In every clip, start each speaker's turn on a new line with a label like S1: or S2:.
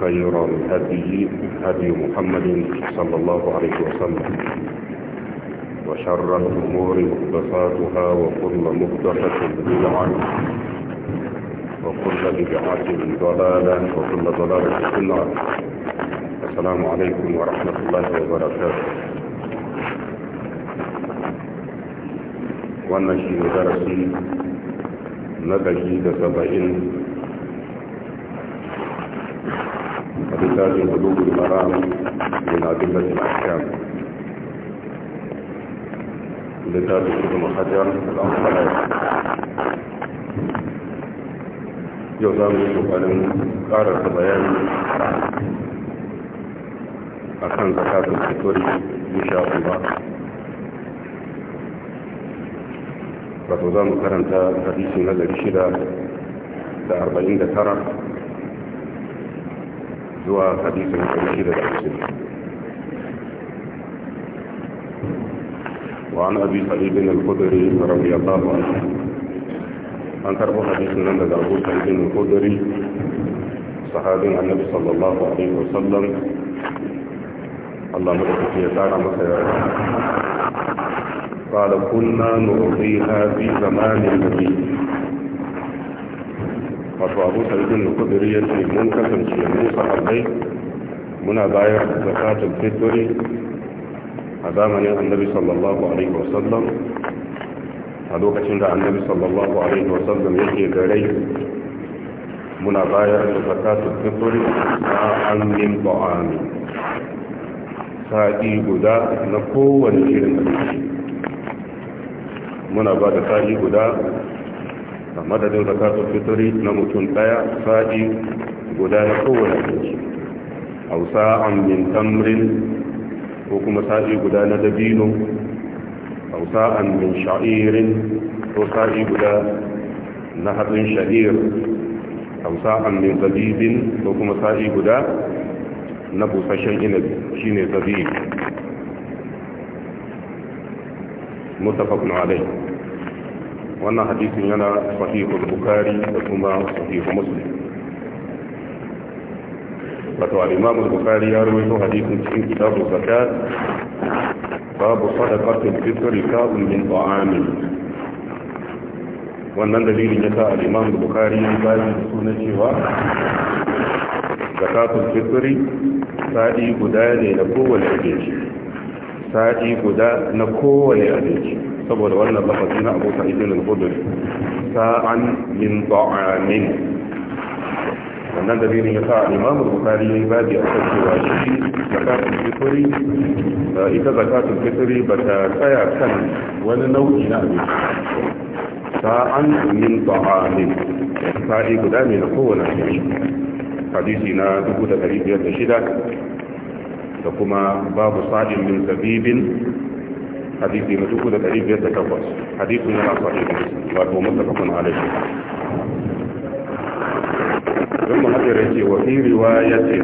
S1: خير الهدي هدي محمد صلى الله عليه وسلم وشر الأمور مقدساتها وكل مقدسة بدعة وكل بدعة ضلالة وكل ضلالة في النار السلام عليكم ورحمة الله وبركاته wannan shi نبجي darasi كتاب قلوب المرام من أدلة الأحكام لذلك ابن حجر الأنصاري يوزان سؤال قارة بيان أكان زكاة الفطر إن شاء الله wato za mu karanta hadisi na 649 هو حديث ƙarshe da وعن أبي سعيد الخدري رضي الله عنه أن تربو حديث لدى أبو سعيد الخدري صحابي عن النبي صلى الله عليه وسلم الله مدد في يسار قال كنا نعطيها في زمان النبي wato abu da kudiri ya ce mun kasance mu sahabbai muna bayar da katin fitori a zamanin annabi sallallahu alaihi wasallam a lokacin da annabi sallallahu alaihi wasallam yake garai muna bayar da zakatun fitori sa'an min ta'ami sa'i guda na kowane irin abinci muna ba da sa'i guda madadin zakatun fitri na mutum daya sa'i guda na kowane abinci au sa'an min tamrin ko kuma sa'i guda na dabino au sa'an min sha'irin ko sa'i guda na hatsin sha'ir au sa'an min zabibin ko kuma sa'i guda na busashen inabi shine zabib mutafakun alai wannan hadisin yana sahihul bukari da kuma sahihul muslim wato al-imam al-bukhari ya rawaito hadisin cikin kitabu zakat babu sadaqatul fitr ka'un min ta'amin wannan dalilin ya sa al-imam al-bukhari ya bayyana sunan cewa zakatul fitr sa'i guda ne na kowace abinci sa'i guda na kowace abinci saboda wannan lafazi na abu sa'idin al-khudri sa'an min ta'amin wannan dalilin ya sa imam al-bukhari ya yi babi a kan cewa shi zakatul fitri ita zakatul fitri ba ta tsaya kan wani nau'i na abinci sa'an min ta'amin sa'i guda ne na kowane abinci hadisi na 1506 da kuma babu sa'in min zabibin hadisi na duku da ɗari biyar da takwas hadisin yana sahi da musu wato mutafakun alaihi don mahajar ya ce wa fi riwaya ce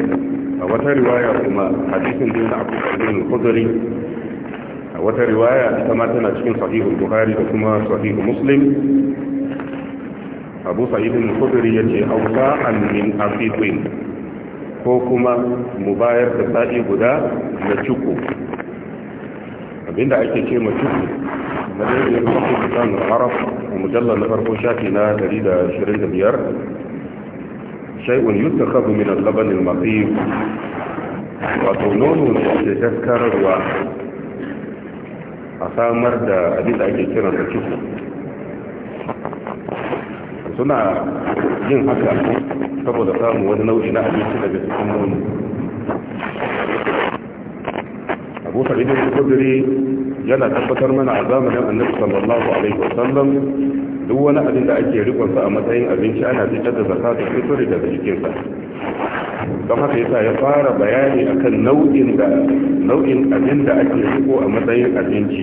S1: a wata riwaya kuma hadisin din na abubuwan kudari a wata riwaya ita ma tana cikin sahihul buhari da kuma sahihul muslim abu sa'idin kudari ya ce hausa an min afifin ko kuma mu bayar da sa'i guda na cuku عند عيكي شيء مشكلة هذا يجب أن يكون مكان العرب ومجلة لغرفو شاكينا تريد شرين دمير شيء يتخذ من اللبن المقيم وطنون تذكر و أثامر دا عديد عيكي شيء مشكلة suna yin haka saboda samun wani nau'i na abinci daga cikin nuna abu sa'id al-khudri yana tabbatar mana a zamanin annabi sallallahu alaihi wasallam duk wani abin da ake rikon sa a matsayin abinci ana fitar da zakatu fitri daga cikin sa don haka yasa ya fara bayani akan nau'in da nau'in abin da ake riko a matsayin abinci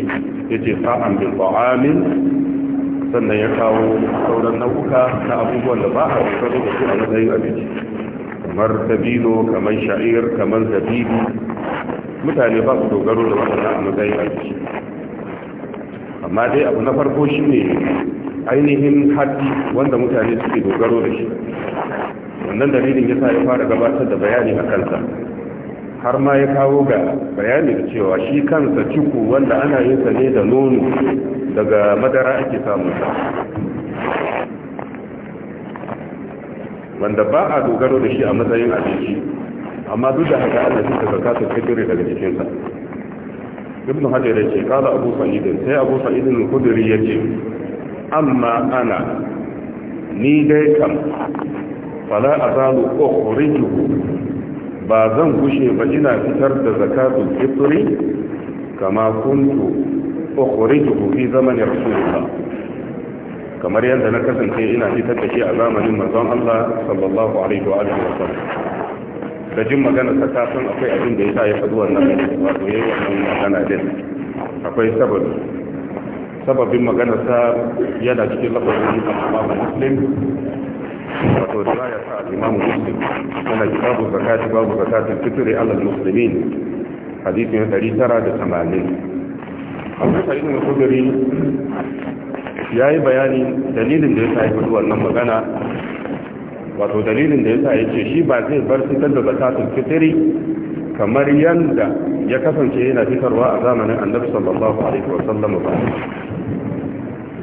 S1: yace sa'an bil ta'amin sannan ya kawo sauran nau'uka na abubuwan da ba a fitar da su a matsayin abinci kamar dabino kamar sha'ir kamar zabibi mutane ba su dogaro da waɗanda a matsayin aiki amma dai abu na farko shi ne ainihin haddi wanda mutane suke dogaro da shi
S2: wannan dalilin ya sa ya fara gabatar da bayani a
S1: kansa har ma ya kawo ga bayani da cewa shi kansa ciku wanda ana yin sa ne da nono daga madara ake samun sa wanda ba a dogaro da shi a matsayin abinci amma duk da haka ana cin zakatul fitr daga cikin sa ibn hajar yace kala abu sa'id sai abu sa'id kudiri ya ce amma ana ni dai kam fala azalu ukhrijuhu ba zan gushe ba ina fitar da zakatul fitri kama kuntu ukhrijuhu fi zamanin rasulullah kamar yadda na kasance ina fitar da shi a zamanin manzon Allah sallallahu alaihi wa alihi wasallam da jin magana ta tafin akwai abin da ya sa ya faɗi wannan wato yayi wannan magana din akwai sababi sababin magana ta yana cikin lafazin imamu muslim wato ya sa imamu muslim yana kitabu zakati babu zakatin fitri alal muslimin hadisi na tamanin. abu sa'id na kudiri ya yi bayani dalilin da ya sa ya wannan magana wato dalilin da yasa yace shi ba zai bar fitar da zakatul fitri kamar yanda ya kasance yana fitarwa a zamanin annabi sallallahu alaihi wasallam ba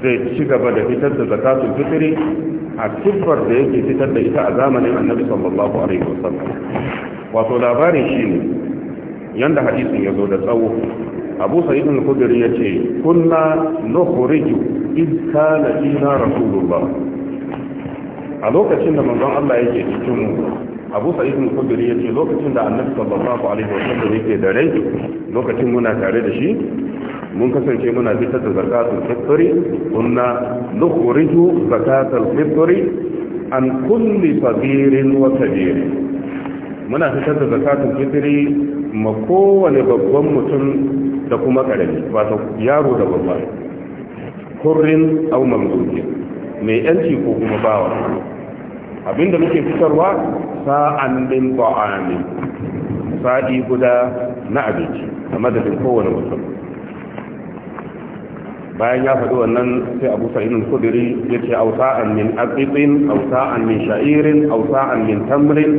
S1: zai ci gaba da fitar da zakatul fitri a kibbar da yake fitar da ita a zamanin annabi sallallahu alaihi sallam. wato labarin shine yanda hadisin ya zo da tsawo abu sa'id al-khudri yace kunna nukhriju idh kana ina rasulullah a lokacin da manzon Allah yake cikin mu Abu Sa'id al-Khudri yace lokacin da Annabi sallallahu alaihi wasallam yake da rai lokacin muna tare da shi mun kasance muna fitar da zakatul fitri kunna nukhriju zakatul fitri an kulli sagirin wa kabir muna fitar da zakatul fitri ma kowane babban mutum da kuma karami wato yaro da babba kurrin aw mamdudin mai yanci ko kuma bawa abinda muke fitarwa sa'an min ta'ami sa'i guda na abinci a madadin kowane mutum bayan ya faɗi wannan sai abu sa'inin kudiri ya ce sa'an min au sa'an min sha'irin sa'an min tamrin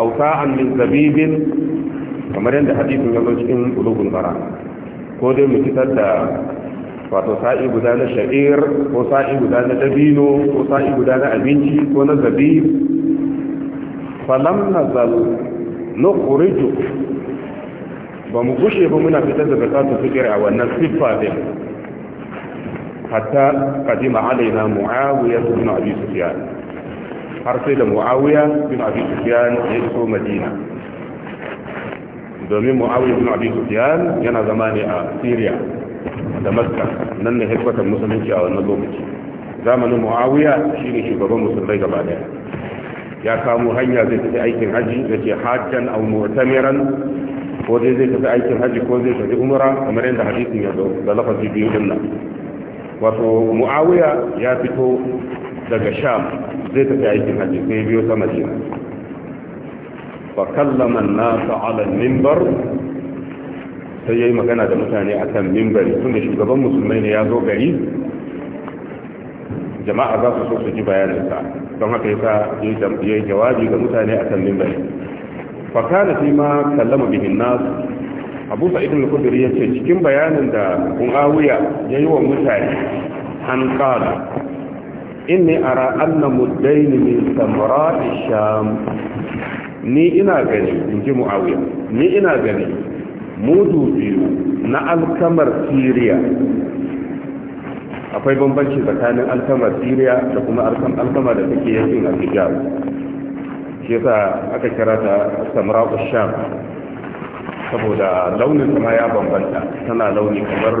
S1: sa'an min zabibin kamar yadda hadisin ya zo cikin ulugul bara ko dai mu fitar da wato sa'i guda na sha'ir ko sa'i guda na dabino ko sa'i guda na abinci ko na zabib falam nazal nukhriju ba mu gushe ba muna fitar da zakatu fikir a wannan siffa din hatta qadima alaina muawiya ibn abi sufyan har sai da muawiya ibn abi sufyan ya iso madina domin muawiya ibn abi sufyan yana zama ne a syria da makka nan ne hikmatar musulunci a wannan lokaci zamanin shi ne shugaban musulmai gaba daya ya kamo hanya zai tafi aikin haji da ke hajjan au mu'tamiran ko dai zai tafi aikin haji ko zai tafi umra kamar yadda hadisin ya zo da lafazi biyu din wato muawiya ya fito daga sham zai tafi aikin haji sai biyo sama jina fa kallama an-nas 'ala al-minbar sai ya yi magana da mutane a kan mimbari tun da shugaban musulmai ne ya zo gari jama'a za su so su ji bayaninsa don haka ya sa ya yi jawabi ga mutane a kan mimbari fakana fi ma kallama bihin nasu abu sa'id al ya ce cikin bayanin da muawiya yi wa mutane an qala inni ara anna muddayn min samra'i sham ni ina gani inji muawiya ni ina gani mudu biyu na alkamar siriya akwai bambanci tsakanin alkamar siriya da kuma alkamar da take yankin al-hijaz shi yasa aka kira ta samra'u sham saboda launin ma ya bambanta tana launi kamar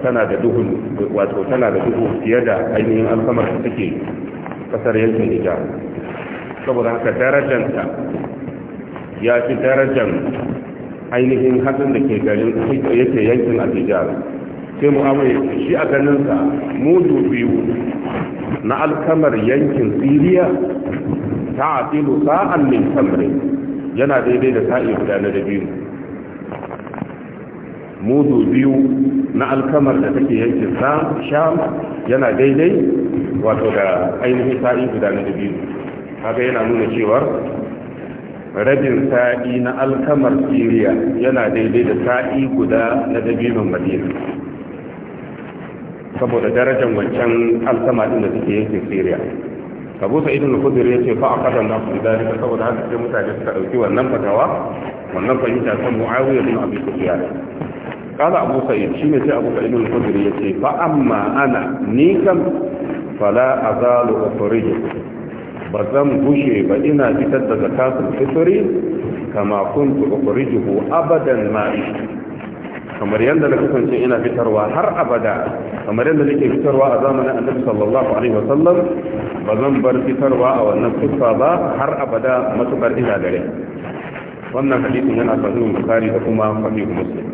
S1: tana da duhu wato tana da duhu fiye da ainihin alkamar da take kasar yankin hijaz saboda haka darajanta ya fi darajan ainihin hatsin da ke garin yake yankin abijar sai mu'amala shi a ganinsa Mutu biyu na alkamar yankin siriya ta asilu sa'an min tamri yana daidai da sa'i guda na da biyu mudu biyu na alkamar da take yankin sham yana daidai wato da ainihin sa'i guda na da biyu haka yana nuna cewar rabin sa'i na alkamar syria yana daidai da sa'i guda na dabinon madina saboda darajar wancan alkama din da suke yankin siriya abu sa'id al ya ce fa aqadan na su da rika saboda haka sai mutane suka dauki wannan fatawa wannan fahimta ta muawiya bin abi sufyan kala abu sa'id ne sai abu sa'id al ya ce fa amma ana ni kam fala azalu ukhrijuk ba zan gushe ba ina fitar da zakatul fitri kama kuntu ukhrijuhu abadan ma kamar yadda na kasance ina fitarwa har abada kamar yadda nake fitarwa a zamanin annabi sallallahu alaihi wasallam ba zan bar fitarwa a wannan kusa ba har abada matukar ina dare wannan hadisin yana sahihu bukhari da kuma sahihu muslim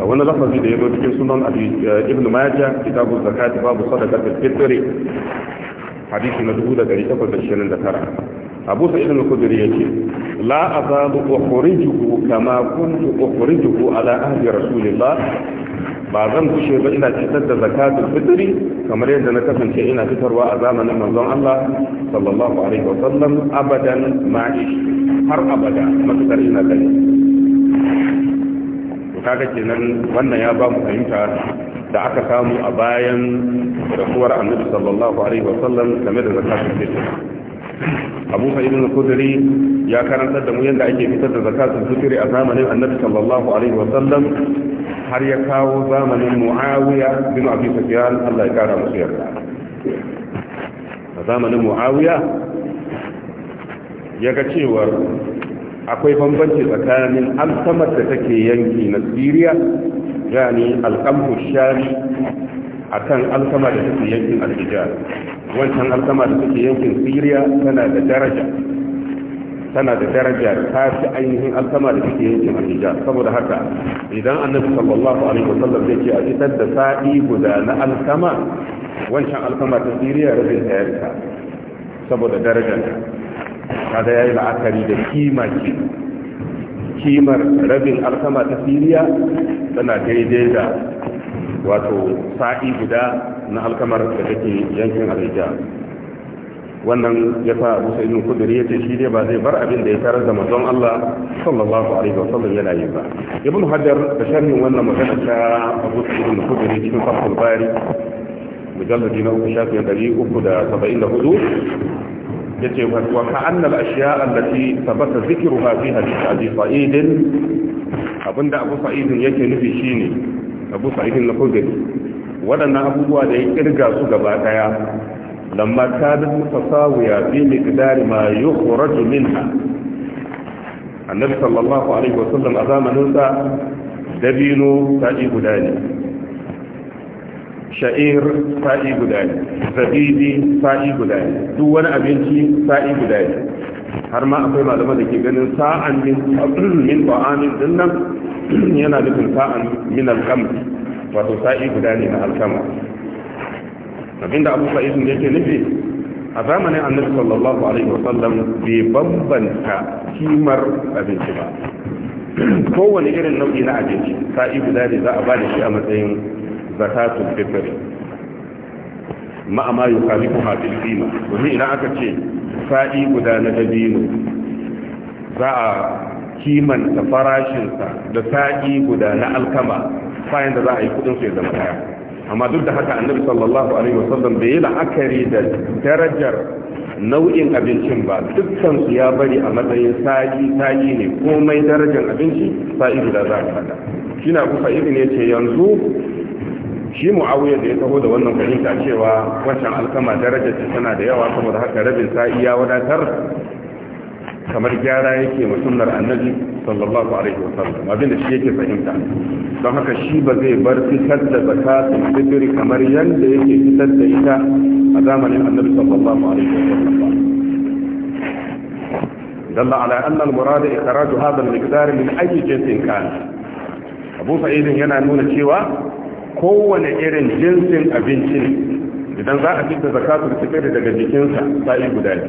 S1: da wani lafazi da ya zo cikin sunan eh, ibn majah kitabu zakati babu sadaqatul fitri hadisi na 1829 abu sa'id al-khudri yace la azalu ukhrijuhu kama kuntu jiku ala ahdi rasulillah ba zan kushe ba ina fitar da zakatul fitri kamar yadda na kasance ina fitarwa a zamanin manzon Allah sallallahu alaihi wasallam abadan ma'ish har abada matakar ina gani kaga kenan wannan ya ba mu fahimta da aka samu a bayan rasuwar annabi sallallahu alaihi wasallam game da zakatul fitr abu sa'id al-khudri ya karanta da mu yadda ake fitar da zakatul fitr a zamanin annabi sallallahu alaihi wasallam har ya kawo zamanin muawiya bin abi sufyan Allah ya kara masa yarda a zamanin muawiya ya ga cewar akwai bambanci tsakanin alkamar da take yanki na siriya yani alkamar shari a kan alkama da take yankin alhijar wancan alkama da take yankin siriya tana da daraja tana da daraja ta fi ainihin alkama da take yankin alhijar saboda haka idan annabi sallallahu alaihi wasallam ce a fitar da sa'i guda na alkama wancan alkama ta siriya rabin ta saboda darajar kada yi la'akari da kima kimar rabin alkama ta siriya tana daidai da wato sa'i guda na alkamar da take yankin arija wannan ya sa musa ibn kuduri ya ce shi ne ba zai bar abin da ya tarar da mazan Allah sallallahu alaihi wa sallam yana yi ba ibn hajar da sharhin wannan magana ta abu ibn kuduri cikin fathul bari mujalladi na da saba'in da hudu yace wa ka'anna al-ashya allati thabata dhikruha fi hadith abi sa'id abinda abu sa'id yake nufi shine abu sa'id al-khudri wadannan abubuwa da ya kirga su gaba daya lamma kanat mutasawiya fi miqdar ma yukhraj minha annabi sallallahu alaihi wasallam a zamanin sa dabino sa'i guda ne sha'ir sa'i guda ne zabibi sa'i guda ne duk wani abinci sa'i guda ne har ma akwai malaman da ke ganin sa'an min min ba'amin din nan yana nufin sa'an min alkama wato sa'i guda ne na alkama abinda abu sa'id ne yake nufi a zamanin annabi sallallahu alaihi wa sallam bai bambanta kimar abinci ba kowane irin nau'i na abinci sa'i guda ne za a ba da shi a matsayin zakatul fitr ma ma yukhalifuha fil qima domin idan aka ce sa'i guda na dabino za a kimanta farashinsa da sa'i guda na alkama bayan da za a yi kudin su ya zama daya amma duk da haka annabi sallallahu alaihi wasallam bai yi la'akari da darajar nau'in abincin ba dukkan su ya bari a matsayin sa'i sa'i ne komai darajar abinci sa'i guda za a fada na kusa irin ne ce yanzu shi mu'awiyar da ya taho da wannan fahimta cewa wancan alkama darajar ta tana da yawa saboda haka rabin sa'i ya wadatar kamar gyara yake ma sunnar annabi sallallahu alaihi wasallam abin da shi yake fahimta don haka shi ba zai bar fitar da zakatun fitiri kamar yadda yake fitar da ita a zamanin annabi sallallahu alaihi wasallam ba دل على أن المراد إخراج هذا المقدار من أي جنس كان أبو yana nuna cewa. kowane irin jinsin abinci ne idan za a zakatu da cikin daga jikinsa sa'i guda ne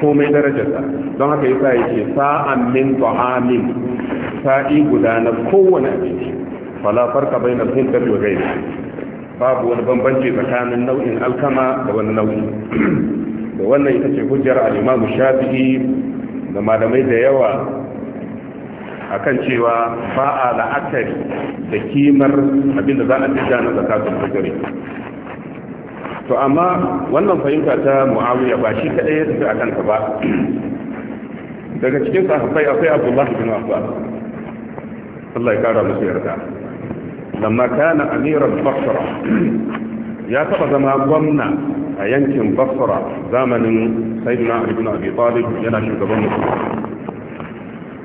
S1: komai darajarsa don haka yasa yake sa'an min ta'amin sa'i guda na kowane abinci fala farka na sun tafi wa gaida babu wani bambanci tsakanin nau'in alkama da wani nau'i da wannan ita ce hujjar al'imamu shafi'i da malamai da yawa akan cewa ba a la'akari da kimar abinda za a fita na zakatun fajiri to amma wannan fahimta ta muawiya ba shi kaɗai ya tafi a ta ba daga cikin sahabbai akwai abdullahi bin abbas Allah ya kara musu yarda lamma kana amiran basra ya taba zama gwamna a yankin basra zamanin sayyidina ibn abi talib yana shugaban musulmi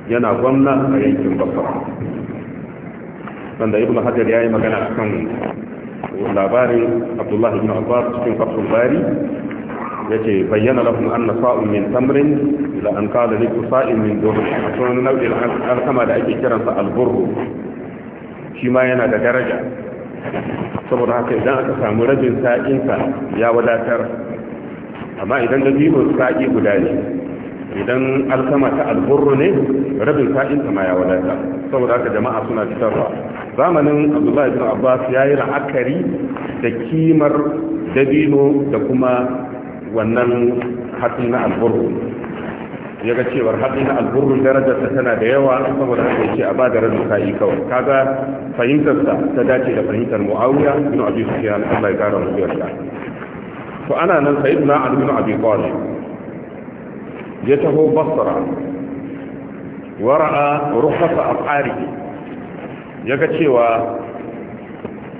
S1: yana gwamna a yankin basra wanda ibn hajar ya yi magana kan labarin abdullahi ibn abbas cikin fatul bari ya ce bayyana lafin an na sa'un min tamrin da an kada sa'in min dole a sunan nau'in alkama da ake kiransa alburu shi ma yana da daraja saboda haka idan aka samu rabin sa'insa ya wadatar amma idan da biyu sa'i guda ne idan alkama ta alburru ne rabin sa'inta ma ya wadata saboda haka jama'a suna fitarwa zamanin abdullahi ibn abbas ya yi la'akari da kimar dabino da kuma wannan hatsi na alburru ya ga cewar hatsi na alburru ta tana da yawa saboda haka ce a ba da rabin sa'i kawai kaga fahimtarsa ta dace da fahimtar muawiya ibn abi sufyan Allah ya kara musu ta. to ana nan sayyidina ali ibn abi talib ya taho basara wara'a ruhasa afari ya ga cewa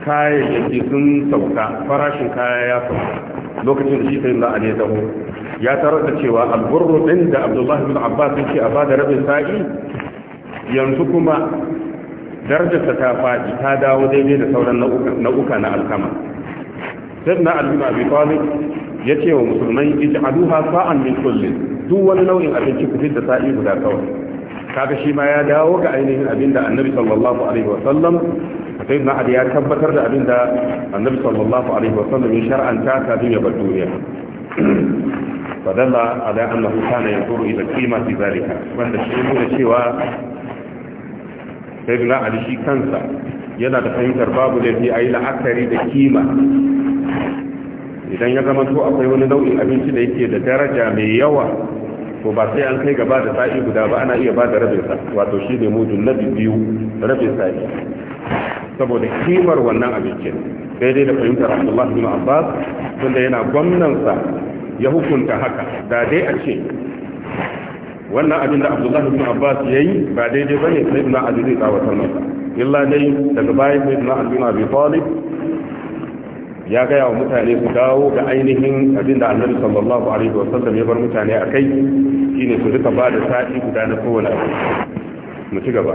S1: kayayyaki sun sauka farashin kaya ya sauka lokacin da shi ta na ali ya taho ya tarar da cewa alburru ɗin da abdullahi bin abbas yake a bada rabin sa'i yanzu kuma darajarsa ta faɗi ta dawo daidai da sauran na'uka na alkama sayyidina ali bin abi talib ya ce wa musulmai ij'aluha sa'an min kulli duk wani nau'in abinci ku fitta sa'i guda kawai kaga shi ma ya dawo ga ainihin abinda annabi sallallahu alaihi wa sallam sayyidina ali ya tabbatar da abinda annabi sallallahu alaihi wa sallam ya shar'anta kafin ya bar duniya فدل على أنه كان ينظر إلى القيمة في ذلك وأن الشيء cewa شيء سيدنا علي شي كانسا yana da fahimtar babu da fi a yi la'akari da kima idan ya zama to akwai wani nau'in abinci da yake da daraja mai yawa to ba sai an kai gaba da sa'i guda ba ana iya ba da rabe sa wato shi ne mudun na biyu rabe sa'i saboda kimar wannan abincin daidai da fahimtar Abdullah bin Abbas tunda yana gwamnansa ya hukunta haka da dai a ce wannan abin da Abdullah bin Abbas yayi ba daidai bane sai Ibn Abi Talib tsawatar masa illa dai daga bayan sai Ibn Abi Talib ya gaya wa mutane ku dawo ga ainihin abin da annabi sallallahu alaihi wa sallam ya bar mutane a kai shine su duka ba da sa'i guda na kowane abu mu ci gaba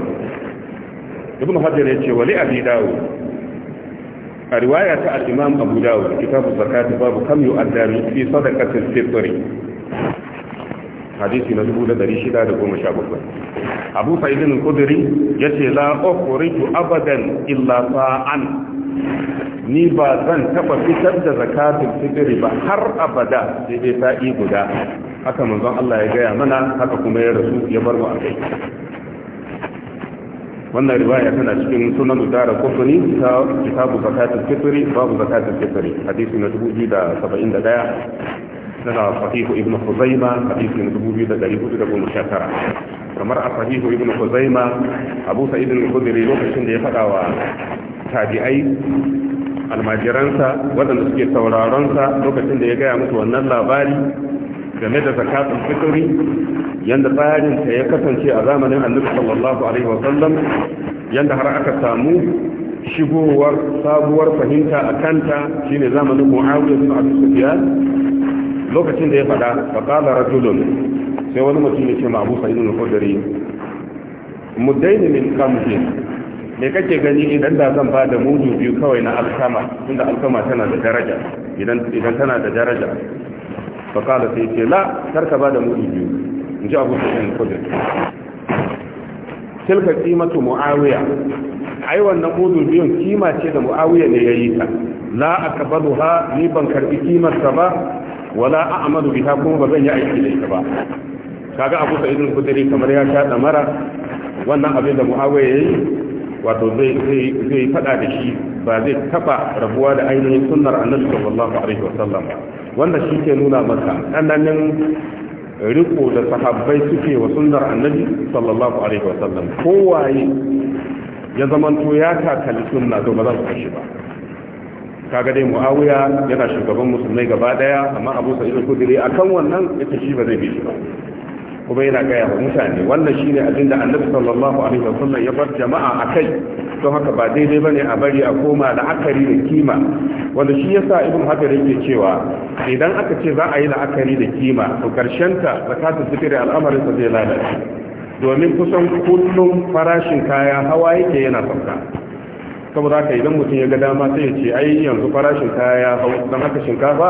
S1: ibn hajar ya ce wali abi dawo a riwaya ta al-imam abu dawo kitabu zakati babu kam yu'adda fi al fitr hadisi na dubu da da dari shida goma sha 1617 abu sa'idin kudiri ya ce la ukhriju abadan illa sa'an ni ba zan taɓa fitar da zakatul fitiri ba har abada sai dai sa'i guda haka manzon Allah ya gaya mana haka kuma ya rasu ya bar mu a kai wannan riwaya tana cikin sunan dara kufuni ta kitabu zakatul fitiri babu zakatul fitiri hadisi na dubu biyu da da saba'in 2071 tana sahihu ibn Khuzaima hadisin 2419 kamar a sahihu ibn Khuzaima Abu Sa'id al-Khudri lokacin da ya faɗa wa tabi'ai almajiransa waɗanda suke sauraron sa lokacin da ya gaya musu wannan labari game da zakatul fitri yanda tsarin ta ya kasance a zamanin Annabi sallallahu alaihi wa sallam yanda har aka samu shigowar sabuwar fahimta a kanta shine zamanin Muawiya bin Abi Sufyan lokacin da ya faɗa faƙala rajulun sai wani mutum ya ce ma abu sa'idun al-khudri muddaini min kamfin me kake gani idan da zan ba da mudu biyu kawai na alkama tunda alkama tana da daraja idan idan tana da daraja faƙala sai ce la karka ba da mudu biyu in ji abu sa'idun al-khudri tilka qimatu muawiya ai wannan mudu biyun kima ce da muawiya ne yayi ta la akbaluha ni ban karbi kimar ta ba wala Ahmadu biha kuma ba zan yi aiki da ita ba kaga Abu Sa'id al-Khudri kamar ya sha damara wannan abin da Muawiya yayi wato zai zai fada da shi ba zai taba rabuwa da ainihin sunnar Annabi sallallahu alaihi wasallam wanda shi ke nuna maka annanin riko da sahabbai suke wa sunnar Annabi sallallahu alaihi sallam. kowaye ya zamanto ya kakali sunna to ba za su kashi ba kaga dai muawiya yana shugaban musulmai gaba daya amma abu sa'id al a kan wannan ita shi ba zai bi shi ba kuma yana gaya mutane wannan shine abin da annabi sallallahu alaihi wasallam ya bar jama'a akai don haka ba daidai bane a bari a koma la'akari da kima wanda shi yasa ibn hajar yake cewa idan aka ce za a yi la'akari da kima to karshen ta zakatu fitri al'amarin sa zai lalace domin kusan kullum farashin kaya hawa yake yana sauka saboda haka idan mutum ya ga dama sai ya ce ai yanzu farashin kaya ya hau don haka shinkafa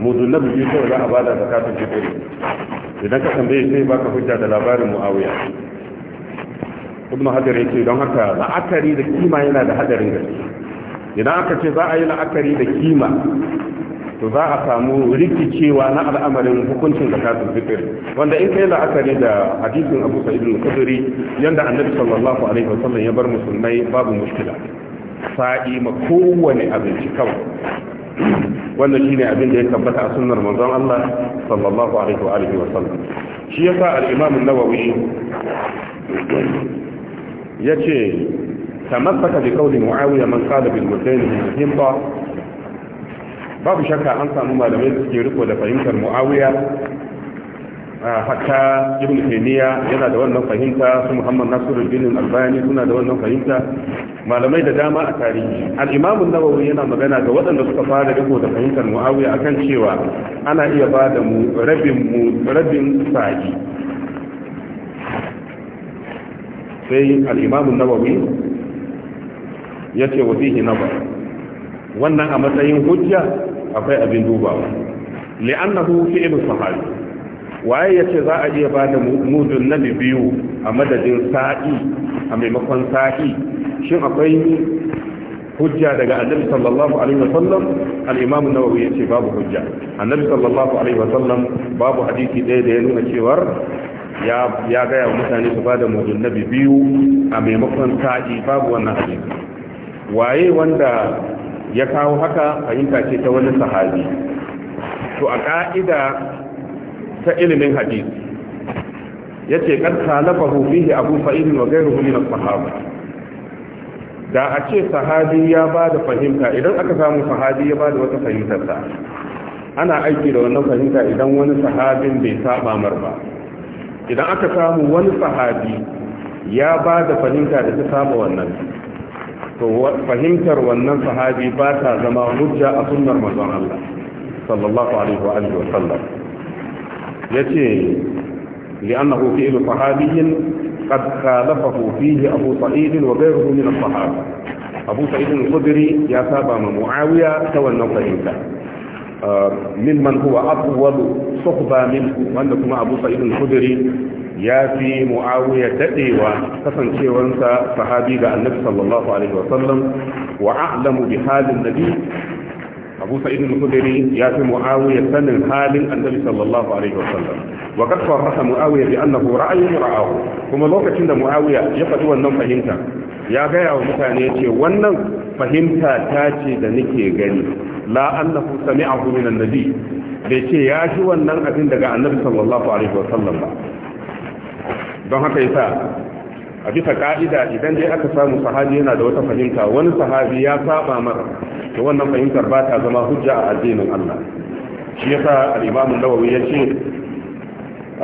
S1: mudun na biyu kawai za a bada zakatun fitri idan ka tambaye sai baka hujja da labarin muawiya ibn hajar yake don haka la'akari da kima yana da hadarin gaske idan aka ce za a yi la'akari da kima to za a samu rikicewa na al'amarin hukuncin da zakatul fitr wanda in kai la'akari da hadisin Abu Sa'id al-Khudri yanda Annabi sallallahu alaihi wasallam ya bar musulmai babu mushkila sa'i ma kowane abinci kawai wannan shine abin da ya tabbata a sunnar manzon Allah sallallahu alaihi wa alihi wasallam shi yasa al-Imam an-Nawawi yace tamassaka bi qawli Muawiya man qala bil mudayn himba babu shakka an samu malamai da suke riko da fahimtar muawiya ah, hatta ibn taymiya yana da wannan fahimta su muhammad nasiruddin albani suna da wannan fahimta malamai da dama a tarihi al-imam an-nawawi yana magana ga waɗanda suka fara riko da fahimtar muawiya akan cewa ana iya ba da mu rabin mu rabin sa'i sai al-imam an-nawawi yace wa fihi nabar wannan a matsayin hujja akwai abin dubawa li'annahu fi'lu sahabi waye yace za a iya ba da mudun nabi biyu a madadin sa'i a maimakon sa'i shin akwai hujja daga annabi sallallahu alaihi wasallam al-imam an-nawawi yace babu hujja annabi sallallahu alaihi wasallam babu hadisi ɗaya da ya nuna cewar ya ya ga mutane su bada mudun nabi biyu a maimakon sa'i babu wannan hadisi waye wanda ya kawo haka fahimta ce ta wani sahabi to a ka'ida ta ilimin hadisi yace kad khalafahu fihi abu sa'id wa gairu min sahabi da a ce sahabi ya ba da fahimta idan aka samu sahabi ya ba da wata fahimtarsa ana aiki da wannan fahimta idan wani sahabin bai saba mar ba idan aka samu wani sahabi ya ba da fahimta da ta saba wannan to fahimtar wannan sahabi ba ta zama hujja a sunnar mazan Allah sallallahu alaihi wa alihi wa sallam yace li'annahu fi'l sahabiyyin qad khalafahu fihi abu sa'id wa ghayruhu min as-sahaba abu sa'id al-khudri ya saba ma muawiya ta wannan fahimta min man huwa afwal suhba minhu wanda kuma abu sa'id al ya fi muawiya dadewa kasancewansa sahabi ga annabi sallallahu alaihi wa sallam wa a'lamu bi halin nabi abu sa'id al-khudri ya fi muawiya sanin halin annabi sallallahu alaihi wa sallam wa qad farraha muawiya bi annahu ra'ayun ra'ahu kuma lokacin da muawiya ya faɗi wannan fahimta ya gaya wa mutane ya ce wannan fahimta ta ce da nake gani la annahu sami'ahu min annabi bai ce ya ji wannan abin daga annabi sallallahu alaihi wa sallam ba don haka sa a bisa ka'ida idan dai aka samu sahabi yana da wata fahimta wani sahabi ya saba mara to wannan fahimtar ba ta zama hujja a addinin Allah shi yasa al-Imam an-Nawawi yace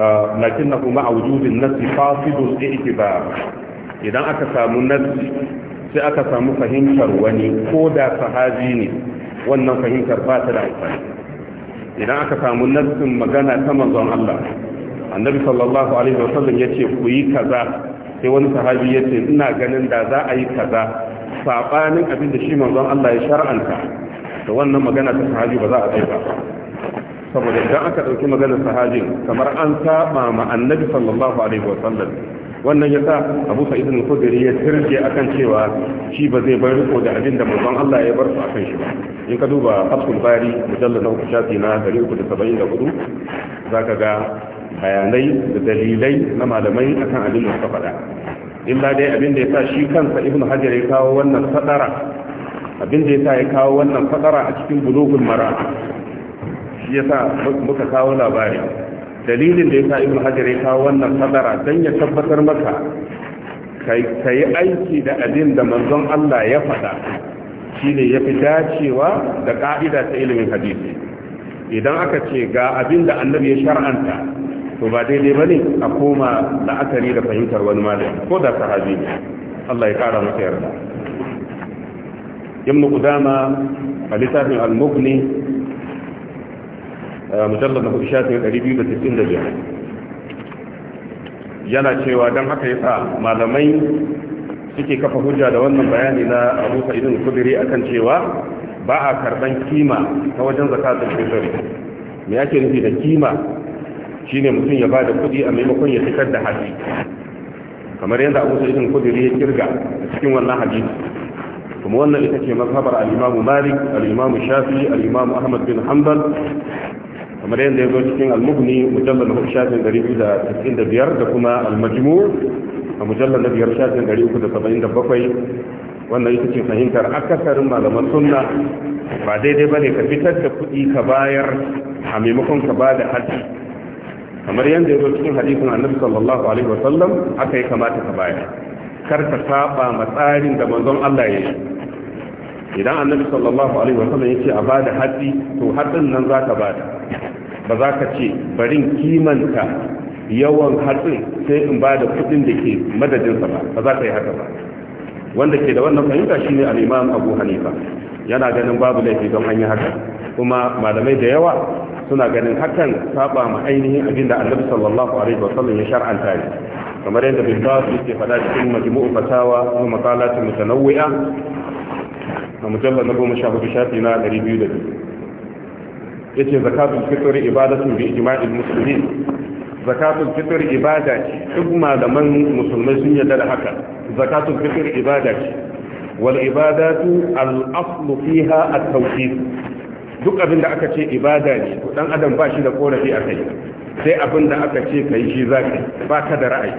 S1: ah, lakinnahu ma'a wujudin nasi fasidul i'tibar idan aka samu nasi sai aka samu fahimtar wani ko da sahabi ne wannan fahimtar ba ta da amfani idan aka samu nasin magana ta manzon Allah annabi sallallahu alaihi wa wasallam ya ce ku yi kaza sai wani sahabi ya ce ina ganin da za a yi kaza sabanin abin da shi manzon Allah ya shar'anta da wannan magana ta sahabi ba za a ɗauka saboda idan aka ɗauki maganar sahabi kamar an saba ma annabi sallallahu alaihi wa wasallam wannan ya sa abu sa'id al-khudri ya tirje akan cewa shi ba zai bar riko da abin da manzon Allah ya bar su akan shi ba in ka duba fatul bari mujallal na uku shafi na 374 zaka ga bayanai da dalilai na malamai akan abin da suka faɗa illa dai abin da ya sa shi kansa ibn hajar ya kawo wannan fadara abin da ya sa ya kawo wannan fadara a cikin bulugun mara shi ya sa muka kawo labari dalilin da ya sa ibn hajar ya kawo wannan fadara don ya tabbatar maka ka yi aiki da abin da manzon Allah ya faɗa shi ne ya fi dacewa da ƙa'ida ta ilimin hadisi idan aka ce ga abin da annabi ya shar'anta to ba daidai ba ne a koma la'akari da fahimtar wani malami ko da sahabi ne Allah ya kara masa yarda yamma kudama a littafin al-mughni eh, mujallad na hudu 295 yana cewa don haka yasa malamai suke kafa hujja da wannan bayani na Abu Sa'id al-Khudri akan cewa ba a karban kima ta wajen zakatul me nufi da kima shine mutum ya bada kuɗi a maimakon ya fitar da haji kamar yadda abu sa'id al-khudri ya kirga a cikin wannan hadisi kuma wannan ita ce mazhabar al-imamu malik al-imamu shafi'i al-imamu ahmad bin hanbal kamar yadda ya zo cikin al-mughni mujallal na shafin 295 da da da biyar kuma al-majmu' a mujallal na biyar shafin uku da da bakwai wannan ita ce fahimtar akasarin malaman sunna ba daidai ba ne ka fitar da kuɗi ka bayar a maimakon ka ba da haji kamar yadda ya zo cikin hadisin annabi sallallahu alaihi wa sallam aka yi kamata ka baya kar ka saba ma tsarin da manzon Allah ya yi idan annabi sallallahu alaihi wa sallam yace a bada haddi to haddin nan zaka bada ba za ka ce barin kimanta yawan hatsin sai in bada da kudin da ke madadinsa ba ba za ka yi haka ba wanda ke da wannan fahimta shine al-imam abu hanifa yana ganin babu laifi don an yi haka kuma malamai da yawa suna ganin hakan saba ma ainihin abin da annabi sallallahu alaihi wa sallam ya shar'anta ne kamar yadda bin basu yake faɗa cikin majmu'u fatawa wa maqalat mutanawwi'a a mujallal na goma sha hudu shafi na ɗari biyu da biyu yace zakatul fitr ibadatun bi ijma'il muslimin zakatul fitr ibada ce duk malaman musulmai sun yarda da haka zakatul fitr ibada ce wal ibadatu al aslu fiha at tawhid duk abin da aka ce ibada ne dan adam ba shi da korafi a kai sai abin da aka ce kai shi za ka ba ka da ra'ayi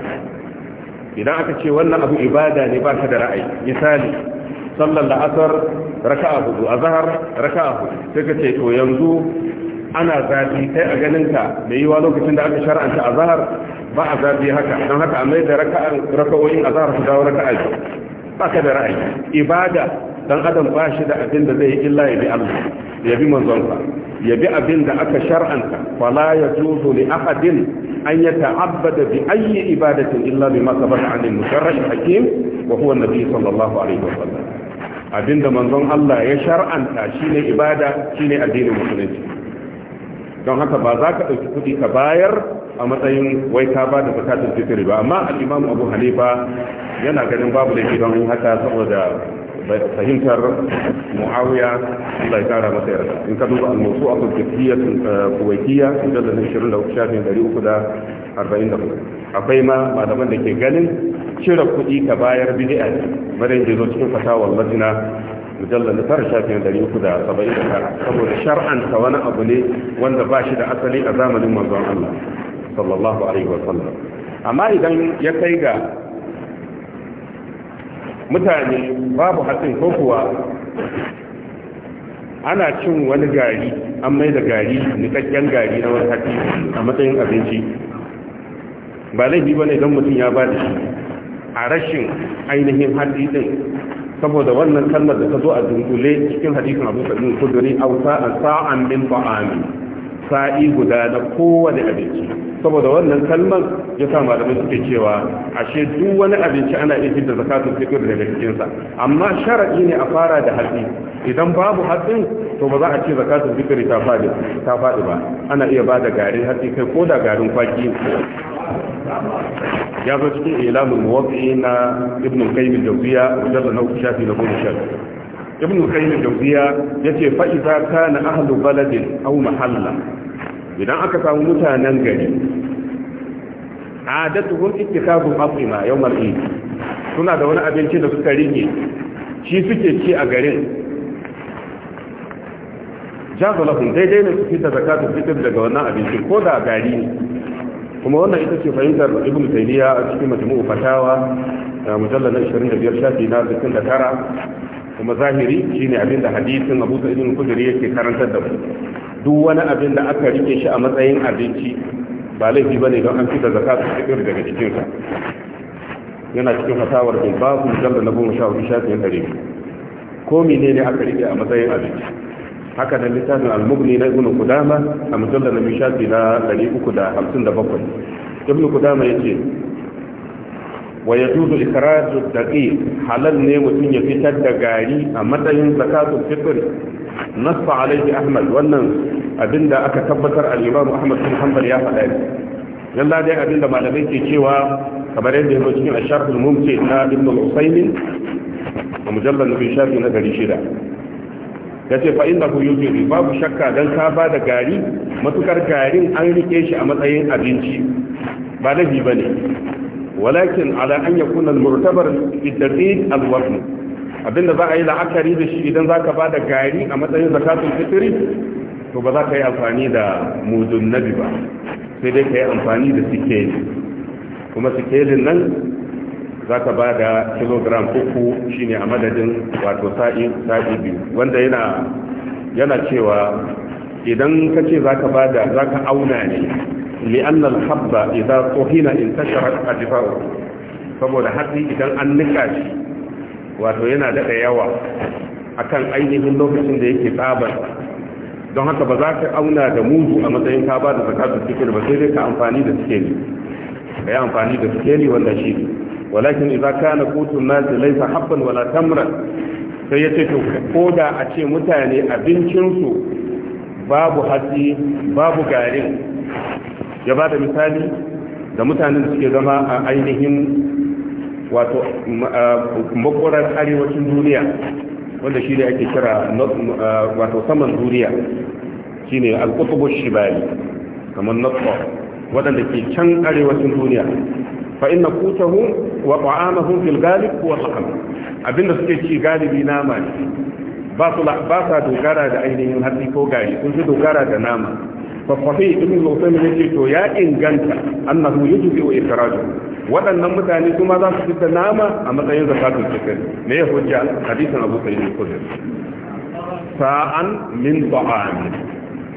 S1: idan aka ce wannan abu ibada ne ba ka da ra'ayi misali sallar la'asar a hudu a zahar raka a hudu sai ka ce to yanzu ana zafi sai a ganin ka da yiwa lokacin da aka a zahar ba a zafi haka don haka a mai da raka'an a zahar su dawo raka'a ba ka da ra'ayi ibada dan adam ba shi da abin da zai yi illa ya bi Allah yabi bi manzonsa abin da aka shar'anta fala ya juzu li ahadin an ya ta'abbada bi ayyi ibadatin illa bima sabata musharrah hakim wa huwa nabi sallallahu alaihi wa sallam abin da manzon Allah ya shar'anta shine ibada shine addinin musulunci don haka ba za ka ɗauki kuɗi ka bayar a matsayin wai ka ba da zakatun fitiri ba amma al-imam Abu Hanifa yana ganin babu laifi don haka saboda fahimtar muawiya Allah ya kara masa yarda in ka duba al-mawsu' al-fiqhiyya uh, kuwaitiyya mujallad 23 shafin akwai ma malaman da ke ganin cire kuɗi ka bayar bid'a bare da zo cikin fatawar lajina mujallal tar shafin 379 saboda shar'an ta wani abu ne wanda ba shi da asali a zamanin manzon Allah sallallahu alaihi wa sallam amma idan ya kai ga mutane babu hatsin ko kuwa ana cin wani gari an mai da gari nikakken gari na wani hatsi a matsayin abinci ba laifi ba ne don mutum ya ba da shi a rashin ainihin hatsi din saboda wannan kalmar da ta zo a dunkule cikin hadisin abu sa'in kuduri auta a sa'an min ba'ami sa'i guda na kowane abinci saboda wannan kalman ya sa malamai suke cewa ashe duk wani abinci ana iya fitar zakatun fitar daga cikinsa amma sharadi ne a fara da hatsi idan babu hatsin to ba za a ce zakatun fitar ta faɗi ta faɗi ba ana iya bada garin hatsi kai ko da garin kwaki ya zo cikin ilamin muwaffi na ibn qayyim al-jawziya wajen na uku shafi na goma sha ibn qayyim al ya ce, fa ta kana ahlu baladin au mahalla idan aka samu mutanen gari adatuhum ittikazul atima yau eid suna da wani abinci da suka rike shi suke ci a garin jaza lahum daidai ne su fita zakatu fitar daga wannan abincin ko da gari ne kuma wannan ita ce fahimtar ibnu taymiya a cikin majmu'u fatawa mujallal 25 shafi na 69 kuma zahiri shine abin da hadisin Abu Sa'id al-Khudri yake karantar da mu duk wani abin da aka rike shi a matsayin abinci ba laifi bane don an fita zakatu cikin daga cikin sa yana cikin fasawar da babu mujalla na goma sha hudu shafin dare. ko menene aka rike a matsayin abinci haka da littafin al-mughni na ibn qudama a mujallar na shafi na 357 uku da hamsin da bakwai qudama yace wa ya juzu ikraju daqi halal ne mutum ya fitar da gari a matsayin zakatul fitr nassa alaihi ahmad wannan abinda aka tabbatar al-imam ahmad bin ya faɗa ne yalla abinda malamai ke cewa kamar yadda yake cikin asharh al-mumti na ibn al-usaymin a mujallal shafi na babu shakka dan ka ba da gari matukar garin an rike shi a matsayin abinci ba laifi bane walakin ala an yakuna al-mu'tabar fi tadqiq abinda za a yi la'akari da shi idan zaka ba da gari a matsayin zakatul fitri to ba za ka yi amfani da mudun nabi ba sai dai ka yi amfani da sikeli kuma sikelin nan za ka ba da kilogram uku shine a madadin wato sa'i sa'i biyu wanda yana yana cewa idan ka ce za ka ba da za ka auna ne li'anna al-habba idza tuhina intashara ajfa'u saboda hatsi idan an nika shi wato yana da yawa akan ainihin lokacin da yake tsabar don haka ba za ka auna da mudu a matsayin ka ba da zakatun fikir ba sai dai ka yi amfani da sikeli wanda shi na habban sai ya ce to ko da a ce mutane abincinsu babu hatsi babu garin ya ba da misali da mutanen suke zama a ainihin wato makwarar arewacin duniya wanda shi ne ake kira wato saman duniya shi ne alkutubu shibali kamar natsa waɗanda ke can arewacin duniya fa ina kutahu wa ta'amahum fil ghalib huwa al abinda suke ci galibi nama ne ba ba sa dogara da ainihin hatsi ko gari sun fi dogara da nama fafafi ibn al-usaymin yace to ya inganta annahu yujibu wa ikraju waɗannan mutane kuma za su fita nama a matsayin zakatul fitr me ya hujja hadisan abu sa'id al-khudri sa'an min ta'am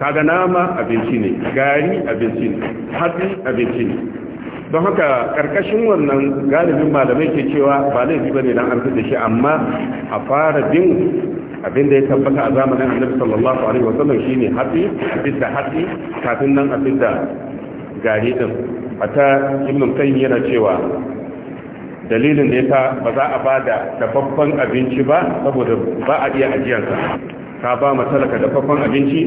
S1: kaga nama abinci ne gari abinci ne hatsi abinci ne don haka karkashin wannan galibin malamai ke cewa ba laifi bane dan an da shi amma a fara bin Abin da ya tabbata a zamanin annabi sallallahu alaihi wa sallam shine hatsi abinda hatsi kafin nan da gari din ata ibn qayyim yana cewa dalilin da yasa ba za a bada dafaffen abinci ba saboda ba a iya ajiyarsa ka ba matalaka dafaffen abinci